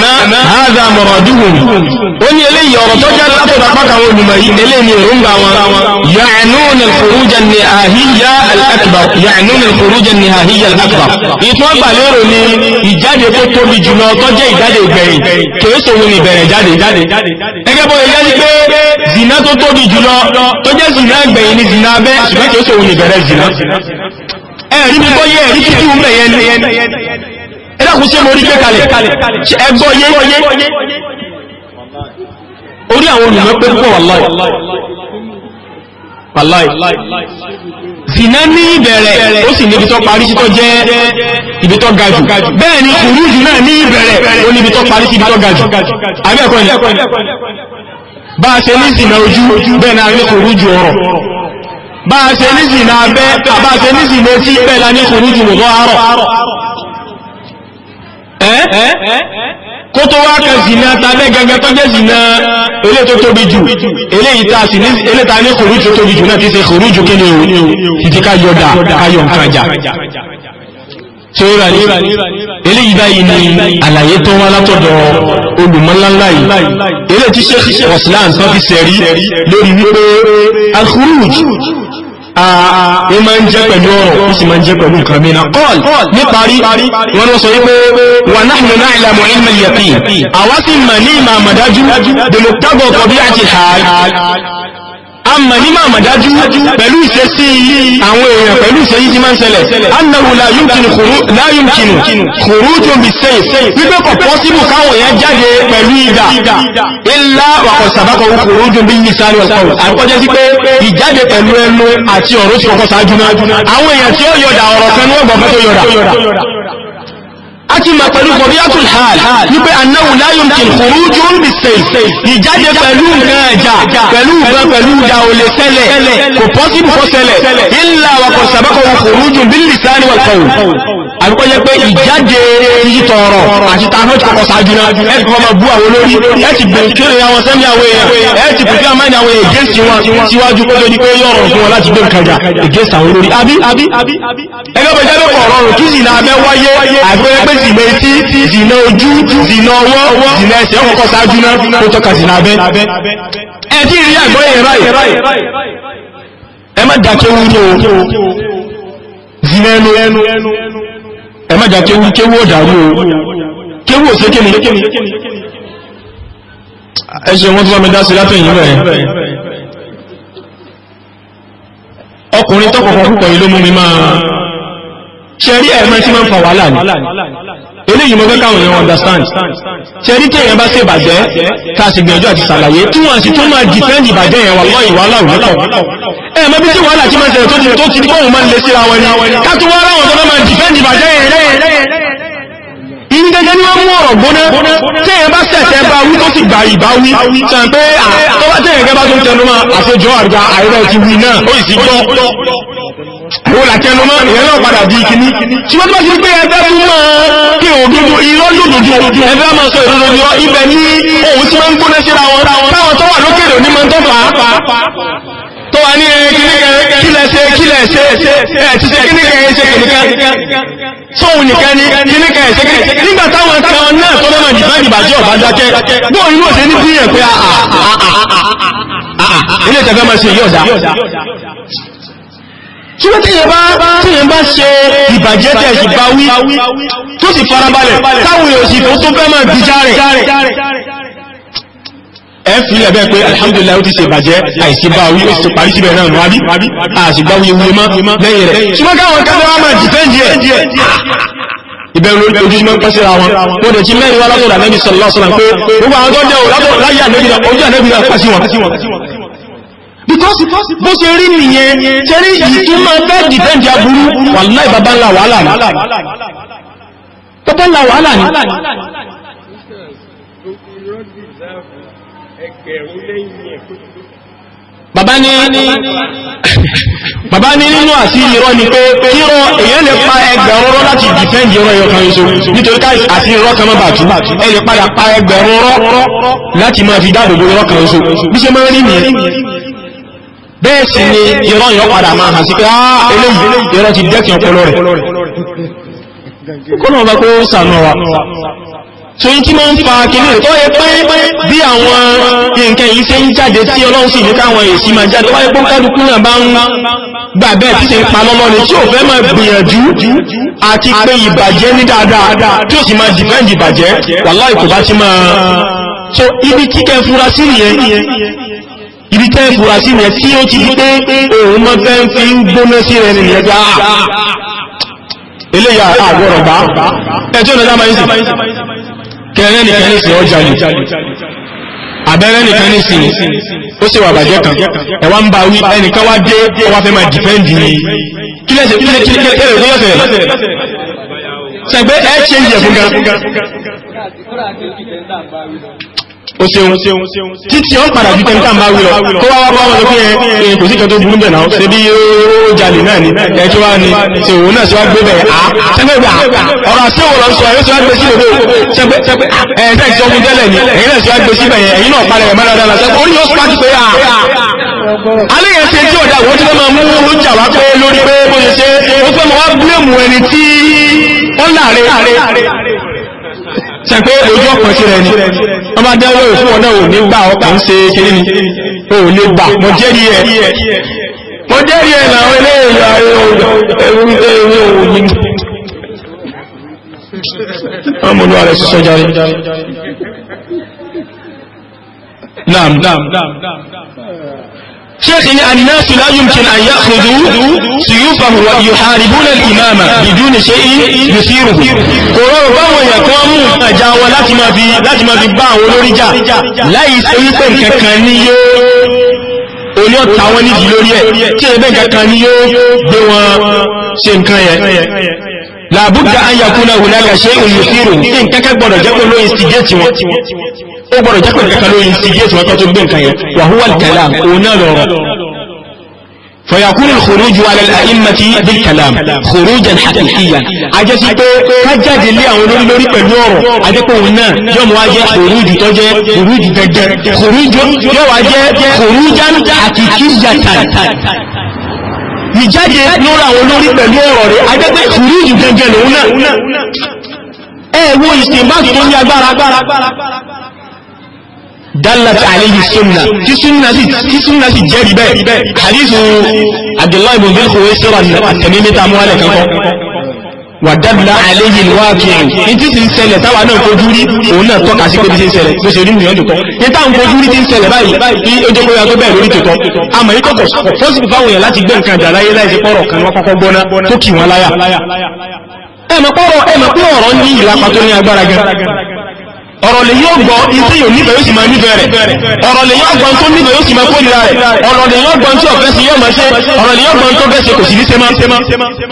hádà mọ̀rọ̀dúhùn ó ní eléyìí ọ̀rọ̀ tó jẹ́ látọ̀dọ̀ pàtàkì olùmọ̀ yìí eléyìí èròǹgbà wọn ya'nun al-khuruj an-nihahiyya al-akbar ya'nun al-khuruj an-nihahiyya al-akbar ìtún ọgbà lérò ni ìjáde tó tóbi jùlọ tó jẹ́ ìjáde ìgbẹ̀yìn kìí sòwò ní ìbẹ̀rẹ̀ jáde gẹ́gẹ́ bó ilé ní pé zina tó tóbi jùlọ tó jẹ́ zina ìgbẹ̀yìn ni zina abẹ́ ṣùgbọ́n kìí sòwò ní ìbẹ̀rẹ̀ zina ẹ̀rí mi bọ́ yẹ ẹ̀rí títí ń bẹ̀yẹn ẹ̀dàkùn sí mórí gbé kalẹ̀ ẹgbọ́ yé orí àwọn olùmọ̀ pé púpọ̀ wàláì wàláì zina ní ìbẹ̀rẹ̀ ó sì níbi tó parí sí tó jẹ́ ibi tó ga jù bẹ́ẹ̀ ni kùrú zina ní ìbẹ̀rẹ̀ ó níbi tó parí sí ibi tó ga jù àbẹ́ẹ̀kọ́ ilẹ̀ bá a ṣe ní zina ojú bẹ́ẹ̀ náà ní kùrú jù ọ̀rọ̀ bá a ṣe ní zina abẹ́ àbá a ṣe ní zina etí bẹ́ẹ̀ ní kùrú jù kó tó wá kan zina tàbẹ́ gangan tó jẹ́ zina ilé tó tóbi jù ilé ìta sí ní ilé ta ní kòrú tó tóbi jù náà ti ṣe kòrú jù kí o títí ká yọ̀dà ká yọ̀ nǹkan jà tó rà ní ilé ìgbà yìí ni àlàyé tó wá látọ̀dọ̀ olùmọ́láńlá yìí ilé tí Sheikh Oslan tó fi sẹ̀rí lórí wípé al-khuruj ní ah, ah, máa ń jẹ́ pẹ̀lú ọ̀rọ̀ ó sì máa ń jẹ́ pẹ̀lú nǹkan mìíràn kọ́ọ̀l níparí wọn sọ wípé wà náà náà ìlàmọ̀ ilmẹ̀ yẹ̀pì àwa sì mọ̀ ní ìmọ̀ àmọ̀dájú dèmọ̀tàgọ̀ kọ̀bí àti hàí a mọ̀ ní máa mọ̀dájú pẹ̀lú ìṣesí àwọn èèyàn pẹ̀lú ìṣesí tí máa ń ṣẹlẹ̀ annahu la yumkinu khurujun bis-sayf wípé kò pọ́síbù káwọn èèyàn jáde pẹ̀lú ìdà illa wa qad sabaqahu khurujun bil-lisan wal-qawl àkọ́jẹ́ sí pé ìjáde pẹ̀lú ẹnu àti ọ̀rọ̀ tí kọ́kọ́ ṣáájú náà àwọn èèyàn tí ó yọ̀dà ọ̀rọ̀ kan ní ọgbọ̀n tó yọ̀dà túnmà pẹ̀lú bọ̀bíyàtùl hàn wípé annáwù láyùn kì kùrújún bí sẹ́yìn ìjáde pẹ̀lú nǹkan ẹ̀jà pẹ̀lú nǹkan pẹ̀lú ìjà ò lè ṣẹlẹ̀ kò pọ́sibù kó ṣẹlẹ̀ illa sàbẹ́kọ̀ kùrújún bil lisani wal qawl àbíkọ́ jẹ́ pé ìjáde ìyítọ̀ ọ̀rọ̀ àti tààrà ti kọ́kọ́ sáájú náà ẹ ti kọ́kọ́ máa bú àwọn olórí ẹ ti bẹ̀rẹ̀ kí lóye àwọn sẹ́mi àwọn èèyàn ẹ ti pèsè àmáyìn àwọn èèyàn against wọn síwájú kó tó di pé yọ̀rọ̀ fún wọn láti gbé nǹkan jà against àwọn olórí àbí ẹgbẹ́ bẹ̀jẹ́ ló kọ̀ rọrùn kí zìnà abẹ́ wáyé àbíkọ́ jẹ́ pé zìnà etí zìnà ojú zìnà ọwọ́ zìnà ẹsẹ̀ kọ́kọ́ sáájú náà kó tọ́ka zìnà abẹ́ ẹ ti rí àgbọ́ yẹn báyìí ẹ má dàkẹ́ wúlò zìnà ẹnu ẹmọ́jà kéwú kéwú ọ̀dàrú o kéwú ò sékèlè ẹṣẹ́ wọ́n tó wọ́n mi dá sí látẹ̀yìn rẹ̀ ọkùnrin tọ́kọ̀kọ̀ púpọ̀ yìí ló mú mi máa ṣẹ́rí ẹ̀mọ́ tí máa ń fa wàhálà ní eléyìí mo fẹ́ èèyàn understand ṣẹ́rí tí èèyàn bá ṣe ìbàjẹ́ ká sì gbìyànjú àti ṣàlàyé tí wọ́n sì tún máa defend ìbàjẹ́ yẹn wà lọ́yìn wàhálà òwúkọ̀ ẹ̀mọ́ bí tí wọ́n láti máa tẹ̀rẹ̀ tó ti tó ti ní kóhùn máa lè síra wọn ni kátó wá ráwọn tó máa dìfẹ́ndì bàjẹ́ yìí gẹ́gẹ́ ní wọ́n mú ọ̀rọ̀ gbóná tí ẹ̀ bá sẹ̀tẹ̀ bá wí tó sì gbà ìbá wí sàn pé tó bá tẹ̀yẹ̀ gẹ́gẹ́ bá tó ń tẹnu máa àṣejọ àgbà àìrọ̀ ti wí náà ó sì gbọ́ àwọn làtẹnu máa ìyẹn náà padà di ìkíní tí tó bá ti pé ẹgbẹ́ tó máa kí òdodo irọ́ lòdòdò ẹgbẹ́ máa sọ ìrọ̀lọ́ irọ́ ibẹ̀ ní òun tí wọ́n ń gbóná síra wọn táwọn tó wà lókèrè onímọ̀ wà ní kílẹ̀ṣe kílẹ̀ṣe ẹ̀tìṣẹ́ kíníkẹ̀ẹ́ṣe kìníkẹ́ sóhun nìkan ní kíníkẹ̀ẹ́ṣe kìníkẹ́ nígbà táwọn kan náà tó mọ́mọ̀ dìbá dìbà jẹ́ ọ̀bá dákẹ́ bóò inú òṣè ní bíyàn pé ah, ah, ah, ilé ìtẹ̀fẹ́ máa ṣe yọ̀dá ṣùgbọ́n tí yẹn bá tí yẹn bá ṣe ìbàjẹ́ tẹ̀sì bá wí tó sì farabalẹ̀ táwọn èèyàn sì fún tó fẹ́ máa bìjà rẹ̀ ẹ fi ilẹ̀ bẹ́ẹ̀ pé Alhamdulillah, ó ti ṣe bàjẹ́ àìsí bá wí ó ti parí síbẹ̀ náà nù wábí àìsí bá wuye wuye mọ́ lẹ́yìn rẹ̀ ṣùgbọ́n káwọn kan wá máa dìfẹ́ǹdì ẹ̀ ìbẹ̀rù ojúṣùmọ́ pẹ́ síra wọn wọ́n dẹ̀ ti mẹ́rin wá because bó ṣe rí nìyẹn tẹ́rí ìtumọ̀ bẹ́ẹ̀ dìfẹ́ǹdì aburú wàláì bàbá ńlá wàhálà ni bàbá ńlá wàhálà ni bàbá ní bàbá ní nínú àti irọ́ ni pé kírọ èyàn lè pa ẹgbẹ̀rún rọ́ láti dìfẹ́ndì ọ̀rọ̀ ẹyọ kan iṣo nítorí káìsì àti irọ́ kan mọ́ bàtú ẹ lè padà pa ẹgbẹ̀rún rọ́ láti máa fi dáàbòbò irọ́ kan iṣo bí ṣe máa rí bẹ́ẹ̀ sì ni irọ́ yọ padà máa hàn sí pé á ah, eléyìí irọ́ ti dẹ́kìn ọpọlọ rẹ̀ kọ́nà ọba kó sànú wa so yí tí ma ń fa kìnnì tó yẹ pé bí àwọn nǹkan yìí ṣe ń jáde tí ọlọ́run sì ní káwọn èsì máa jáde wáyé pé kálukú náà bá ń gbà bẹ́ẹ̀ tí ṣe ń pa lọ́lọ́ ni tí ò fẹ́ máa gbìyànjú àti pé ìbàjẹ́ ní dáadáa tí ó sì máa dìfẹ́ǹdì ìbàjẹ́ wàláì kò bá ti máa so ibi tí kẹ́ fura sí nìyẹn ibi tẹ́ fura sí nìyẹn tí ó ti di pé òun máa fẹ́ fi ń gbóná sí rẹ̀ nìyẹn gbà eléyà àgbọ̀rọ̀ gbà ẹjọ́ ìdájá máa ń sìn kẹrẹ́ nìkan ní sin ọjà lè abẹ́rẹ́ nìkan ní sin ó ṣe wà bàjẹ́ kan ẹ̀wà ń ba wí ẹnìkan wá dé ọwá fẹ́ máa dìfẹ́ǹdì ni kí lẹ́sẹ̀ kí lẹ́sẹ̀ kí lẹ́sẹ̀ kí lẹ́sẹ̀ sẹ̀gbẹ́ ẹ̀ ṣe ìyẹ̀fun gan o ṣeun títí ọ padà ju tẹnitá máa wí lọ kó wá wá bá wọn sọ pé ẹ kò sí kan tó burú bẹ̀ náà ṣe bí ó jalè náà ni ẹ kí wá ni ṣe òun náà ṣe wá gbé bẹ̀ á ṣẹ́gbẹ́ gbà ọ̀rọ̀ àṣẹ òun lọ sọ ẹ̀ ṣe wá gbé sí lòdò ṣẹ́gbẹ́ ẹ̀ ṣe ìṣọ́ fún tẹ́lẹ̀ ni ẹ̀yin náà ṣe wá gbé sí bẹ̀ yẹn ẹ̀yin náà parẹ́ ẹ̀ mẹ́ta dára ṣẹ́gbẹ́ orí yóò ṣáájú pé à alẹ́ yẹn ṣe tí ọ̀dà wọ́n ti fẹ́ máa mú un jà wá pé lórí pé bó ṣe ṣe ó fẹ́ máa wá búlẹ̀mù ẹni tí ó láre ṣe pé ojú ọ̀pọ̀ sí rẹ ni wọ́n bá dáwọ́ ìfún wọn ò ní gbà ọkọ̀ ń ṣe kiri ni o ò lè gbà mo jẹ́rìí ẹ̀ mo jẹ́rìí ẹ̀ làwọn eléyìí ẹ̀rù ẹ̀rù òyìn wọ́n mú lọ́wọ́ rẹ̀ sọ́sọ́ járe. naam naam naam naam. شيخ يعني الناس لا يمكن أن يأخذوا سيوفه ويحاربون الإمام بدون شيء يثيره قرار باو يقوم جاو لاتما في لاتما في باو لورجا لا يسيطن ككانيو oni ọ̀tàwọn nídìí lórí ẹ̀ tí ẹgbẹ́ kankan làbúdà ayàkúnà hùnáka ṣe ìlúfíìrù ní nǹkankan gbọ́dọ̀ jẹ́pẹ̀ ló instigate wọn ó gbọ́dọ̀ jẹ́pẹ̀ kankan ló instigate wọn tó gbé nǹkan yẹn wàhúwà kalam òun náà lọ́rọ̀ فيكون الخروج على الأئمة بالكلام خروجا حقيقيا أجسي بو كجا دلي أو لوري لوري بلورو أجاكو هنا يوم واجه خروج توجه خروج دجر خروج يوم واجه خروجا حقيقيا ìjáde lórí àwọn olórí pẹ̀lú ọ̀rọ̀ rẹ̀ ajẹ́gbẹ́ ìrú ìjù gẹ́gẹ́ lòun náà ẹ̀wọ́ ìsìnbáàtù tó ní agbára dálàtà àlèyí súnnà tí súnnà sì jẹ́rìí bẹ́ẹ̀ hadithu Abdullahi ibn Khuwaysira àtẹ̀mí mẹ́ta mọ́wálẹ̀ kankan wàdàbílá àlẹ́yìn wáàkìrì ní tí sì ń ṣẹlẹ̀ táwa náà fojú rí òun náà tọ́ka sí pé bí ṣe ń ṣẹlẹ̀ bó ṣe rí nìyànjú kan ní táwọn fojú rí ti ń ṣẹlẹ̀ báyìí ní ojú kó ya tó bẹ́ẹ̀ lórí tòótọ́ àmọ́ yìí kọ̀kọ̀ fọ́sìbù fáwọn èèyàn láti gbé nǹkan àjàláyé láìsí pọ̀rọ̀ kan wọn kọ́kọ́ gbọ́ná tó kì wọ́n láyà ẹ̀mọ̀ pọ̀rọ̀ ẹ̀mọ̀ pé ọ̀rọ̀ ní ìlàpá tó ní agbára gan ọ̀rọ̀ lè yóò gbọ́ iṣẹ́ yóò nífẹ̀ẹ́ yóò sì máa nífẹ̀ẹ́ rẹ̀ ọ̀rọ̀ lè yóò gbọ́n tó nífẹ̀ẹ́ yóò sì máa kórìíra rẹ̀ ọ̀rọ̀ lè yóò gbọ́n tí ọ̀fẹ́ sí yóò máa ṣe ọ̀rọ̀ lè yóò gbọ́n tó bẹ́ẹ̀ ṣe kò sì ní sẹ́mọ́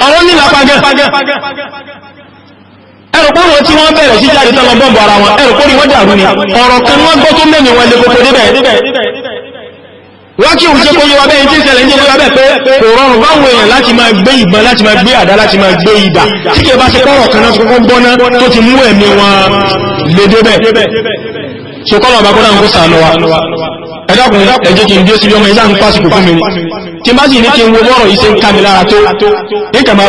ọ̀rọ̀ nílà pagẹ́ ẹrù kó wọn tí wọ́n bẹ̀rẹ̀ sí jáde tán lọ bọ́ǹbù ara wọn ẹrù kó ni wọ́n dàrú ni ọ̀rọ̀ kan wọ́n gbọ́ tó mẹ́ni wọn lè kókó débẹ̀ wákí òun jẹ́ kó yíwa bẹ́ẹ̀ tí ìṣẹ̀lẹ̀ ní ìjọba bẹ́ẹ̀ pé kò rọrùn báwọn èèyàn láti máa gbé ìbọn láti máa gbé àdá láti máa gbé ìdà tí kẹ bá ṣe pọ́rọ̀ kan náà kọ́kọ́ gbọ́ná tó ti mú ẹ̀mí wọn lédé bẹ́ẹ̀ so kọ́lọ̀ ọba kọ́lá ń kó sàánú wa ẹ̀dọ́kùnrin ẹ jẹ́ kí n dé síbi ọmọ ìsáà ń pàṣípò fún mi tí bá sì ní kí n wo bọ́rọ̀ iṣẹ́ ń ká mi lára tó ní kà máa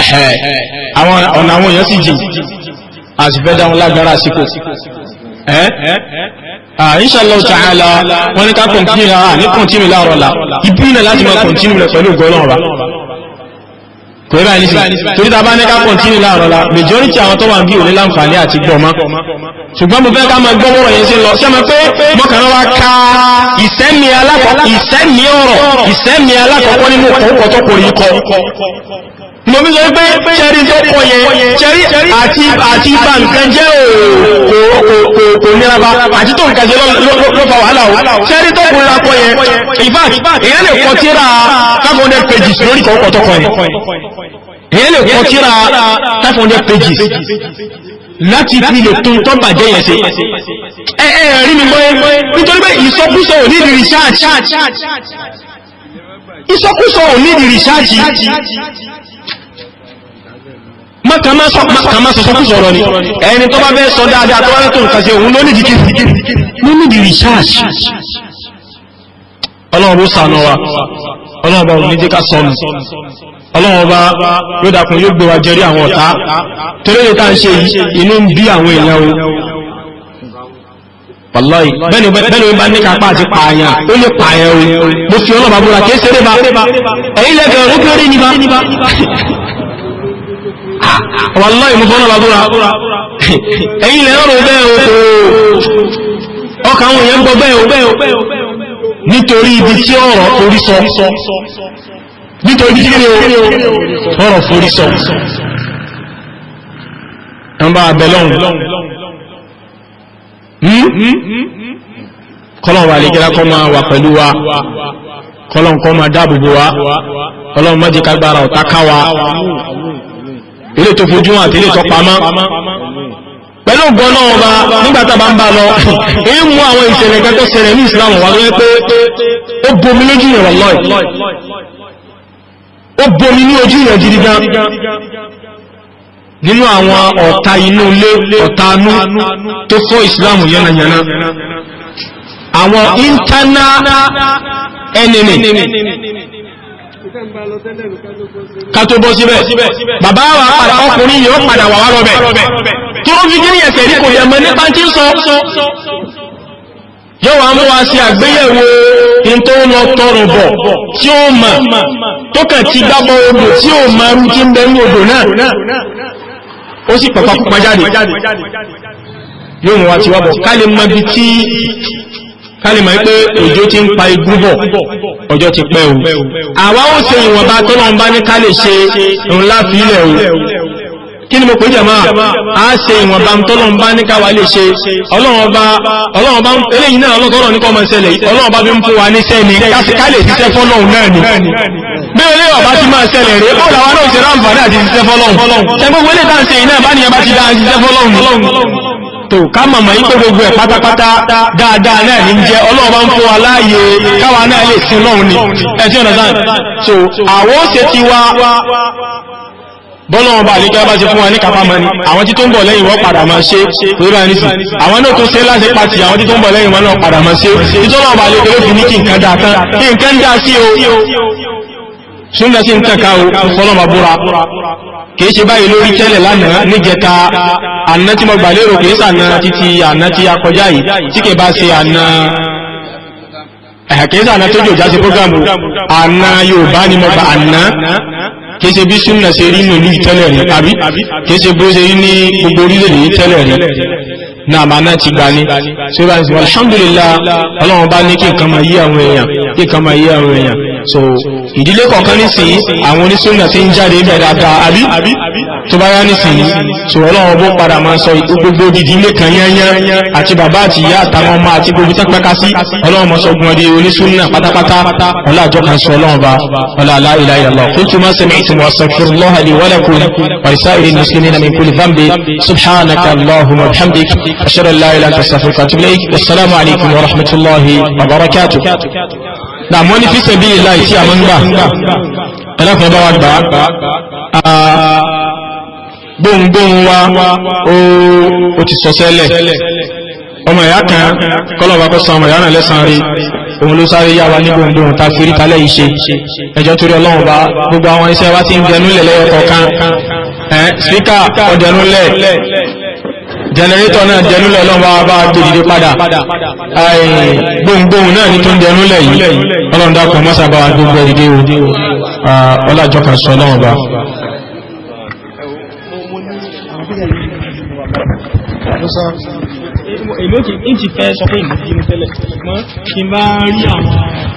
ẹ̀hẹ́ àwọn ọ̀nà àwọn èèyàn sì jìn àti fẹ́ dáhùn lágbára àsìkò ẹ́ inshallah ta'ala wọ́n ní ká kọ̀ntínú ra ní kọ̀ntínú láàrọ̀ la ibi náà láti máa kọ̀ntínú rẹ̀ pẹ̀lú gọ́lọ́n ra kò rí báyìí nísìnyí torí ta bá ní ká kọ̀ntínú láàrọ̀ la majority àwọn tó wà ń bí òní láǹfààní àti gbọ̀mọ́ ṣùgbọ́n mo fẹ́ ká máa gbọ́ wọ́rọ̀ yẹn sí lọ ṣé mo pé mọ́kànlá wa ka ìsẹ́mi ọ̀rọ̀ ìsẹ́mi alákọ̀ọ́kọ́ nínú ọ̀pọ̀ tó kò rí kọ mo fi sọ pé ṣẹ́rí tó kọ yẹn ṣẹ́rí àti àti bá nǹkan jẹ́ kò nira bá àti tó nǹkan jẹ́ ló fa wàhálà o ṣẹ́rí tó kọ nira kọ yẹn in fact èyàn lè kọ tíra five hundred pages lórí kọ̀ọ̀kọ̀ tó kọ yẹn èyàn lè kọ tíra five hundred pages láti fi lè tún tó bàjẹ́ yẹn ṣe ẹ ẹ rí mi gbọ́ yẹn nítorí pé ìsọkúsọ ò ní di research ìsọkúsọ ò ní di research mọ́kànmá sọ́kún sọ̀rọ̀ ni ẹni tó bá bẹ́ sọ dáadáa tó wáyé tó ń kàṣẹ òun ló ní di kìí ló ní di research ọlọ́run bó sànú wa ọlọ́run bá òun ní díkà sọnù ọlọ́run bá ló dàkún yóò gbé wa jẹrí àwọn ọ̀tá torí lè tá ń ṣe inú ń bí àwọn èèyàn o wàláì bẹ́ẹ̀ni bẹ́ẹ̀ni bá ní kápá àti pààyàn ó lè pààyàn o mo fi ọlọ́ba búra kìí ṣeré ba ẹ̀yìn lẹ́gbẹ̀ẹ́ orúkọ rí ni ba Ah, wàláì mú fọ́nà bàbúrà ẹ̀yìn lẹ́yìn ọ̀rọ̀ bẹ́ẹ̀ o ọkà àwọn èèyàn gbọ́ bẹ́ẹ̀ o nítorí ibi tí ọ̀rọ̀ forí sọ nítorí ibi tí ọ̀rọ̀ forí sọ ẹ̀mbà abẹ́lọ́hùn hmm? kọ́lọ̀ wà lè gẹ́lá kọ́ máa wà pẹ̀lú wa kọ́lọ̀ kọ́ máa dáàbòbò wa kọ́lọ̀ mọ́jẹ́ká gbára ilé tó fojú hàn àti ilé tó pamọ́ pẹ̀lú gbọ́nà ọba nígbàtà bá ń bá lọ èyí mú àwọn ìṣẹ̀lẹ̀ gẹ́gẹ́ ṣẹlẹ̀ ní ìsìlámù wà lóyẹ́ pé ó bomi lójú yẹn wallahi ó bomi ní ojú yẹn gidi gan nínú àwọn ọ̀tá inú ilé ọ̀tá anú tó fọ́ ìsìlámù yánnayànna àwọn internal enemy ká tó bọ́ síbẹ̀ bàbá wa padà ọkùnrin yóò padà wà wá lọ́bẹ̀ tó fi gírí ẹ̀sẹ̀ rí kò yẹ mọ́ nípa tí ń sọ yóò wá mú wa sí àgbéyẹ̀wò in tó lọ tọrọ bọ̀ tí ó mọ̀ tó kàn ti dábọ̀ odò tí ó mọ̀ rú tí ń bẹ ní odò náà ó sì pàpàpàpà jáde yóò mú wa ti wá bọ̀ ká lè mọ bí tí kálìmọ̀ pé òjò ti ń pa igú bọ̀ ọjọ́ ti pẹ́ o àwa ó ṣe ìwọ̀nba tọ́lọ́n bá ní ká lè ṣe òun láfi ilẹ̀ o kí ni mo pè jàmá a ṣe ìwọ̀nba tọ́lọ́n bá ní káwa lè ṣe ọlọ́run bá eléyìí náà ọlọ́gọ́rọ̀ ní kọ́mọ ṣẹlẹ̀ ọlọ́run bá fi ń fún wa ní sẹ́ni ká lè ṣiṣẹ́ fọ́lọ́run náà ni bí olè ọba ti máa ṣẹlẹ̀ rẹ̀ bọ́ọ̀lù àwọn náà ṣe ráǹfààní àti ṣiṣẹ́ fọ́lọ́run ṣẹgbẹ́ wọlé tá ṣe iná ìbániyàn bá ti dá ṣiṣẹ́ fọ́lọ́run tó ká mọ̀mọ̀ yí pé gbogbo ẹ̀ pátápátá dáadáa náà ní jẹ́ ọlọ́ọ̀bá ń fún wa láàyè káwa náà lè sin lọ́hun ni ẹ̀tí ọ̀nà sáà so àwọn ó ṣe ti wá bọ́lọ́wọ́n bá àlékẹ́ bá ṣe fún wa ní kàfàmọ́ ni àwọn tí tó ń bọ̀ lẹ́yìn wọ́n padà máa ṣe lórí àníṣì àwọn náà tó ṣe láti pàtì àwọn tí tó ń bọ̀ lẹ́yìn wọ́n náà padà máa ṣe ìjọba bá àlékẹ́ ló fi ní kí nǹkan dáa kan kí nǹkan dáa sí o súnlẹ̀ sí ń tẹ̀ka o fọlọ́mà búra kìí ṣe báyìí lórí tẹ́lẹ̀ lánàá níjẹta àná tí mo gbà lérò kìí sànà títí àná tí a kọjá yìí tí kìí bá ṣe àná kìí sànà tó jòjá sí prógrámù àná Yorùbá ni mo gbà àná kìí ṣe bí súnà ṣe rí nínú ìtẹ́lẹ̀ rẹ̀ àbí kìí ṣe bó ṣe rí ní gbogbo orílẹ̀-èdè ìtẹ́lẹ̀ rẹ̀ náà màá náà ti gbà ní ṣé bá ń ọlọ́run bá ní kí nǹkan máa yí àwọn èèyàn kí nǹkan máa yí àwọn èèyàn so ìdílé kọ̀ọ̀kan nísìnyí àwọn onísúnà ti ń jáde ń bẹ̀ dáadáa àbí tó bá yá nísìnyí so ọlọ́run bó padà máa sọ gbogbo ìdílé kan yányán àti bàbá àti ìyá àtàwọn ọmọ àti gbogbo tó pẹ́ka sí ọlọ́run mọ̀ sọ́gun ọdẹ onísúnà pátápátá ọlá àjọ kan sọ ọlọ́run bá ọlá la ilaha illallah qultu ma sami'tum wa astaghfirullaha li wa lakum wa lisa'iril muslimina min kulli dhanbin subhanaka allahumma wa bihamdik ashhadu an la ilaha illa anta astaghfiruka wa atubu ilayk wassalamu alaykum wa rahmatullahi wa barakatuh na mọ́ ní fíṣẹ̀ bí ìlà ìtí àmọ́ ń gbà ẹlẹ́fọ̀n bá wa gbà á gbóhùngbóhùn wa ó ti sọ sẹ́lẹ̀ ọmọ ìyá kan kọ́lọ̀wà kọ́ san ọmọ ìyá náà lẹ́sàn rí òun ló sáré yá wa ní gbòǹdòǹ ta fi rítalẹ̀ yìí ṣe ẹjọ́ torí ọlọ́run bá gbogbo àwọn iṣẹ́ wa ti ń dẹnúlẹ̀ lẹ́yọ kọ̀ọ̀kan ẹ̀ síkà ọ̀dẹ̀núlẹ̀ jẹnẹrétọ̀ náà jẹnúlẹ̀ ọlọ́wọ́ bá gbèdìdé padà gbohùngbohùn náà ní tó ń jẹnúlẹ̀ yìí ọlọ́run dákọ̀ mọ́sà bá gbogbo ẹ̀dìdé o ọlájọ́ kan sọ náà bá èmi ò kí n ti fẹ́ sọ pé ìmọ̀ kí n tẹ́lẹ̀ ṣùgbọ́n kí n bá rí àwọn